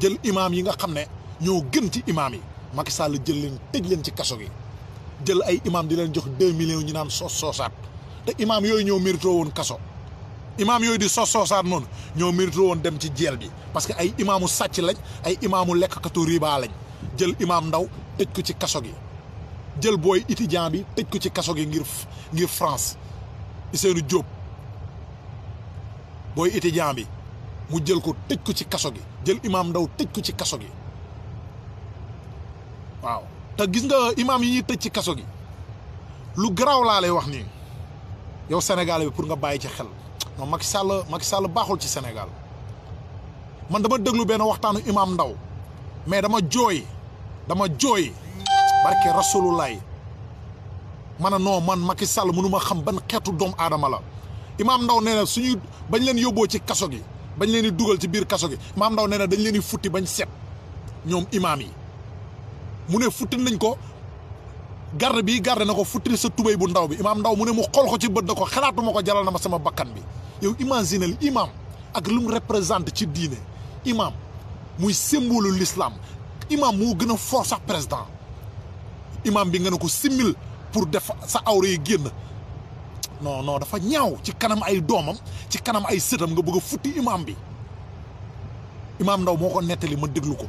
jël imaam yi nga xam ne ñoo gën ci imaam yi Macky Sall jël leen tëj leen ci kaso gi jël ay imaam di leen jox deux millions ñu naan soos soosaat te imaam yooyu ñoo mérito woon kaso. imaam yooyu di sos soosaat noonu ñoo mérité woon dem ci jeel bi parce que ay imaamu sàcc lañ ay imaamu lekkatu riba lañ jël imaam ndaw tëj ko ci kaso gi jël booy étudiant bi tëj ko ci kaso gi ngir ngir France Ousseynou Diop booy étudiant bi mu jël ko tëj ko ci kaso gi jël imaam ndaw tëj ko ci kaso gi waaw te gis nga imaam yi ñuy tëj ci kaso gi lu garaaw laa lay wax nii yow Sénégalais bi pour nga bàyyi ci xel. non Macky Sall Macky baaxul ci Sénégal man dama déglu benn waxtaanu imaam Ndaw mais dama jooy dama jooy barke rasulullaay ma ne noo man Macky Sall mënu xam ban xeetu doom aadama la Imam Ndaw nee na suñuy bañ leen yóbboo ci kaso gi bañ leen di dugal ci biir kaso gi Imam Ndaw nee na dañ leen di futti bañ set ñoom imaam yi mu ne futti nañ ko garde bi garde na ko futti sa tubéy bu ndaw bi Imam Ndaw mu ne mu xool ko ci bët da ko xalaatuma ko jaral na ma sama bakkan bi yow imaginel imam ak lu mu représente ci diine imam muy symbole l'islam imam moo gën a fort sax président imaam bi nga ne ko simmil pour def sa awra yi génn non non dafa ñaaw ci kanam ay doomam ci kanam ay sëtam nga bëgg a futti imam bi imam ndaw moo ko nettali ma déglu ko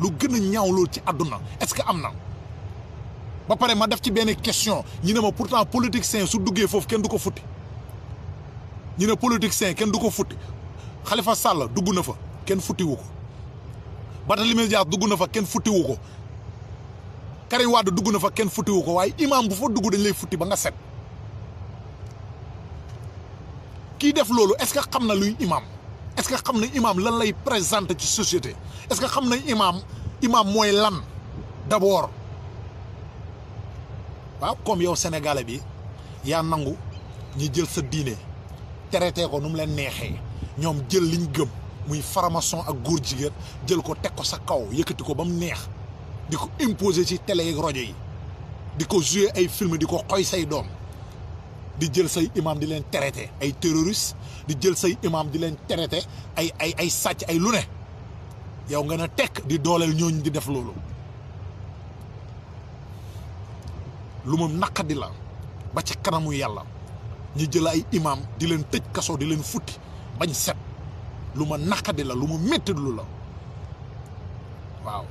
lu gën a ñaaw loolu ci àdduna est-ce que am na ba pare ma def ci benn question ñu ne ma pourtant politique sain su duggee foofu kenn du ko futti ñu ne politicien kenn du ko futti xalifa Sall dugg na fa kenn futtiwu ko Barthélémy Dias dugg na fa kenn futtiwu ko Karim Wade dugg na fa kenn futtiwu ko waaye imam bu foo dugg dañ lay futti ba nga set kiy def loolu est-ce que xam na luy imaam est-ce que xam na imam lan lay présenté ci société est-ce que xam na imaam imaam mooy lan d'abord waaw comme yow sénégalais bi yaa nangu ñi jël sa diine traité ko nu mu leen neexee ñoom jël liñ gëm muy faramason ak góor jigéen jël ko teg ko sa kaw yëkkati ko ba mu neex di ko imposer ci télé yeeg rajo yi di ko jouer ay film di ko xoy say doom di jël say imam di leen traité ay terroriste di jël say imam di leen traité ay ay ay sàcc ay lu ne yow nga ne tekk di dooleel ñooñu di def loolu lu mu naqadi la ba ci kanamu yàlla ñu jël ay imam di leen tëj kaso di leen futti bañ set lu ma naqadi la lu ma métti lu la waaw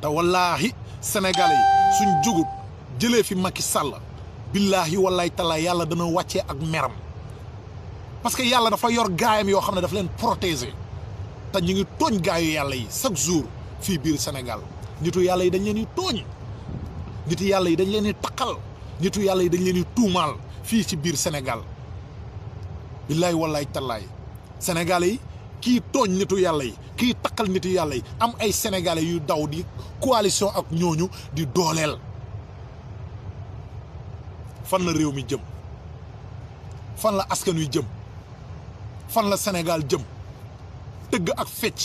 te wallaahi sénégalais yi suñ jugut jëlee fi Macky Sall billaahi wallaahi talaa yàlla dana wàccee ak meram parce que yàlla dafa yor gaayam yoo xam ne dafa leen protéger te ñu ngi tooñ gaayu yàlla yi chaque jour fii biir Sénégal nitu yàlla yi dañ leen di tooñ nitu yàlla yi dañ leen di taqal nitu yàlla yi dañ leen di tuumaal fii ci biir Sénégal billaay wallaay tallaay sénégalais yi kii tooñ nitu yàlla yi kii takkal nitu yàlla yi am ay sénégalais yu daw di coalition ak ñooñu di dooleel fan la réew mi jëm fan la askan wi jëm fan la Sénégal jëm tëgg ak fecc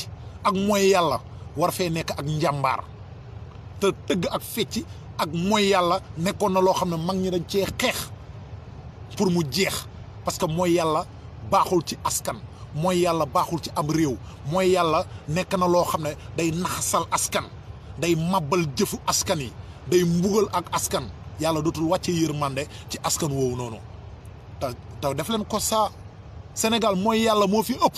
ak mooy yàlla war fee nekk ak njàmbaar te tëgg ak fecc ak mooy yàlla nekkoon na loo xam ne mag ñi dañ cee xeex pour mu jeex parce que mooy yàlla baaxul ci askan mooy yàlla baaxul ci am réew mooy yàlla nekk na loo xam ne day naxasal askan day màbbal jëfu askan yi day mbugal ak askan yàlla dootul wàcce yërmande ci askan woowu noonu te te leen ko sa Sénégal mooy yàlla moo fi ëpp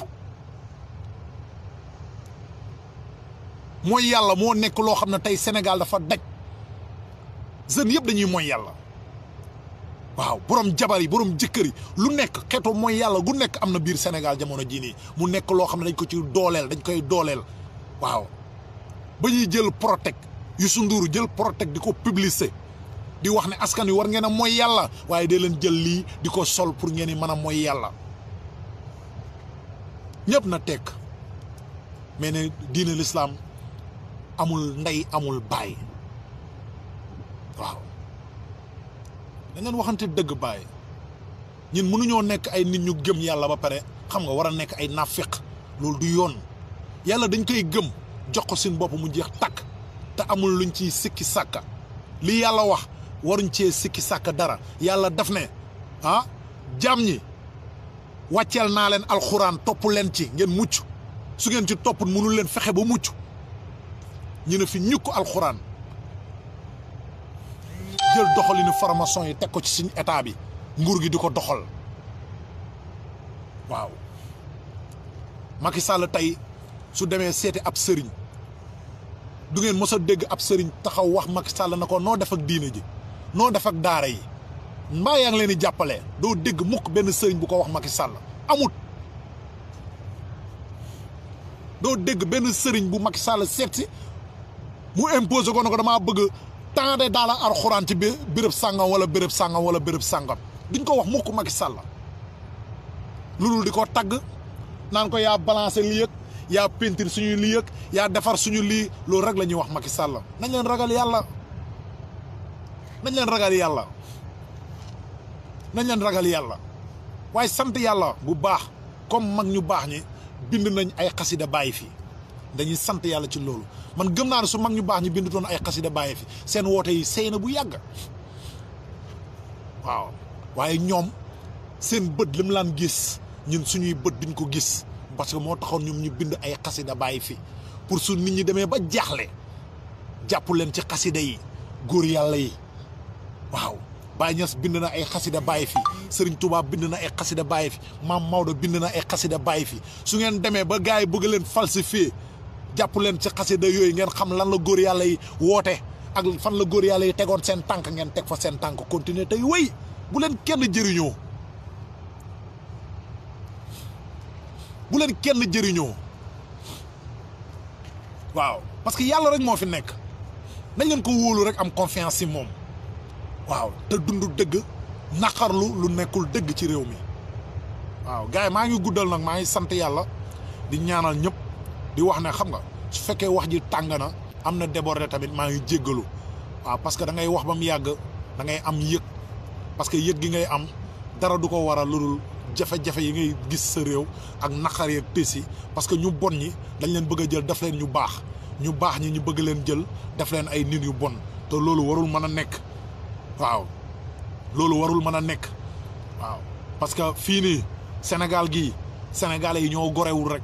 mooy yàlla moo nekk loo xam ne tey Sénégal dafa daj jeunes yëpp dañuy mooy yàlla waaw borom jabar yi borom jëkkër yi lu nekk xeetu mooy yàlla gu nekk am na biir senegal jamono jii nii mu nekk loo xam ne dañ ko ci dooleel dañ koy dooleel waaw ba ñuy jël protect Youssou Ndour jël protect di ko publicité di wax ne askan wi war ngeen a mooy yàlla waaye dee leen jël lii di ko sol pour ngeen i mën a mooy yàlla ñépp na tekk mais ne diine lislaam amul ndey amul baay waaw dangeen waxante dëgg bàyyi ñun mënuñoo nekk ay nit ñu gëm yàlla ba pare xam nga war a nekk ay naafiq loolu du yoon yàlla dañ koy gëm jox ko suñu bopp mu jeex takk te amul luñ ciy sikki sàkka li yàlla wax waruñ cee sikki sàkka dara yàlla daf ne ah jaam ñi wàcceel naa leen alxuraan topp leen ci ngeen mucc su ngeen ci topp mënul leen fexe ba mucc ñu ne fi ñukk alxuraan. jël doxalinu formation yi teg ko ci suñu état bi nguur gi di ko doxal waaw Macky sàll tey su demee seeti ab sëriñ du ngeen mës a dégg ab sëriñ taxaw wax Macky Sall na ko noo def ak diine ji noo def ak daara yi mbaa yaa ngi leen di jàppale doo dégg mukk benn sëriñ bu ko wax Macky sàll amut doo dégg benn sëriñ bu Macky Sall seet si mu imposé ko na ko damaa bëgg tant de daala alxuraan ci béréb sàngam wala béréb sàngam wala béréb sàngam diñ ko wax mukk Macky lu loolu di ko tagg naan ko yaa balancé lii yëg yaa peinture suñuy lii yëg yaa defar suñu lii loolu rek la ñuy wax Macky Sall nañ leen ragal yàlla nañ leen ragal yàlla nañ leen ragal yàlla waaye sant yàlla bu baax comme mag ñu baax ñi bind nañ ay xasida bàyyi fii dañuy sant yàlla ci loolu man gëm naa ne su mag ñu baax ñu bind bindutoon ay xasida bàyyi fi seen woote yi sëy na bu yàgg waaw waaye ñoom seen bët li mu laan gis ñun suñuy bët duñ ko gis parce que moo taxoon ñoom ñu bind ay xasida bàyyi fi pour su nit ñi demee ba jaaxle jàpp leen ci xasida yi góor yàlla yi waaw Baye Niass bind na ay xasida bàyyi fi sëriñ tubaab bind na ay xasida bàyyi fi Maam Maodo bind na ay xasida bàyyi fi su ngeen demee ba gars bëgg jàpp leen ci xasida yooyu ngeen xam lan la góor yàlla yi woote ak fan la góor yàlla yi tegoon seen tànk ngeen teg fa seen tànk continuer tey wéy bu leen kenn jëriñoo bu leen kenn jëriñoo waaw parce que yàlla rek moo fi nekk nañ leen ko wóolu rek am confiance ci moom waaw te dund dëgg naqarlu lu nekkul dëgg ci réew mi waaw gars yi maa ngi guddal nag maa ngi sant yàlla di ñaanal ñëpp. di wax ne xam nga su fekkee wax ji tàng na am na débordé tamit maa ngi jéggalu waaw parce que da ngay wax ba mu yàgg dangay am yëg parce que yëg gi ngay am dara du ko waral lu dul jafe-jafe yi ngay gis sa réew ak naqar yeeg tës yi parce que ñu bon ñi dañ leen bëgg a jël daf leen ñu baax ñu baax ñi ñu bëgg leen jël daf leen ay nit yu bon te loolu warul mën a nekk waaw loolu warul mën a nekk waaw parce que fii nii Sénégal gii sénégalais yi ñoo gorewul rek.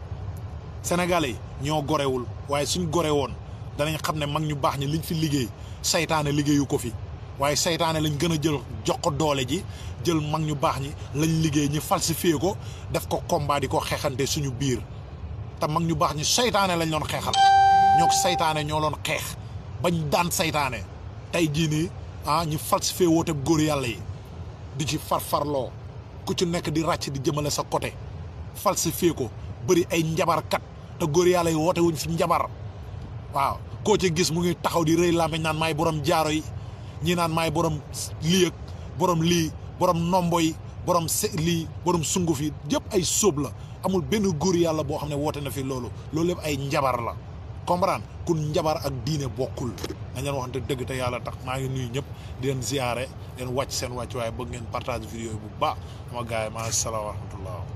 sénégalais ñoo gorewul waaye suñ gore woon danañ xam ne mag ñu baax ñi liñ fi liggéey seytaane liggéeyu ko fi waaye seytaane lañ gën a jël jox ko doole ji jël mag ñu baax ñi lañ liggéey ñi falsifié ko def ko combat di ko xeexante suñu biir te mag ñu baax ñi saytaane lañ doon xeexal ñoo saytaane ñoo loon xeex bañ daan saytaane tey jii nii ah ñu falsifié woote góor yàlla yi di ci farfarloo ku ci nekk di ràcc di jëmale sa côté falsifié ko bëri ay njabarkat te góor yàlla yi woote wuñ fi njabar waaw koo ci gis mu ngi taxaw di rëy làmmiñ naan maay borom jaaro yi ñi naan maay borom lii ak borom lii borom nombo yi borom se lii borom sunguf yi yëpp ay sóob la amul benn góor yàlla boo xam ne woote na fi loolu loolu yëpp ay njabar la comprendre kun njabar ak diine bokkul nañ leen waxante dëgg te yàlla tax maa ngi nuyu ñëpp di leen ziyaare leen wàcc seen wàcc waaye bëgg ngeen partage vidéo yi bu baax sama
gars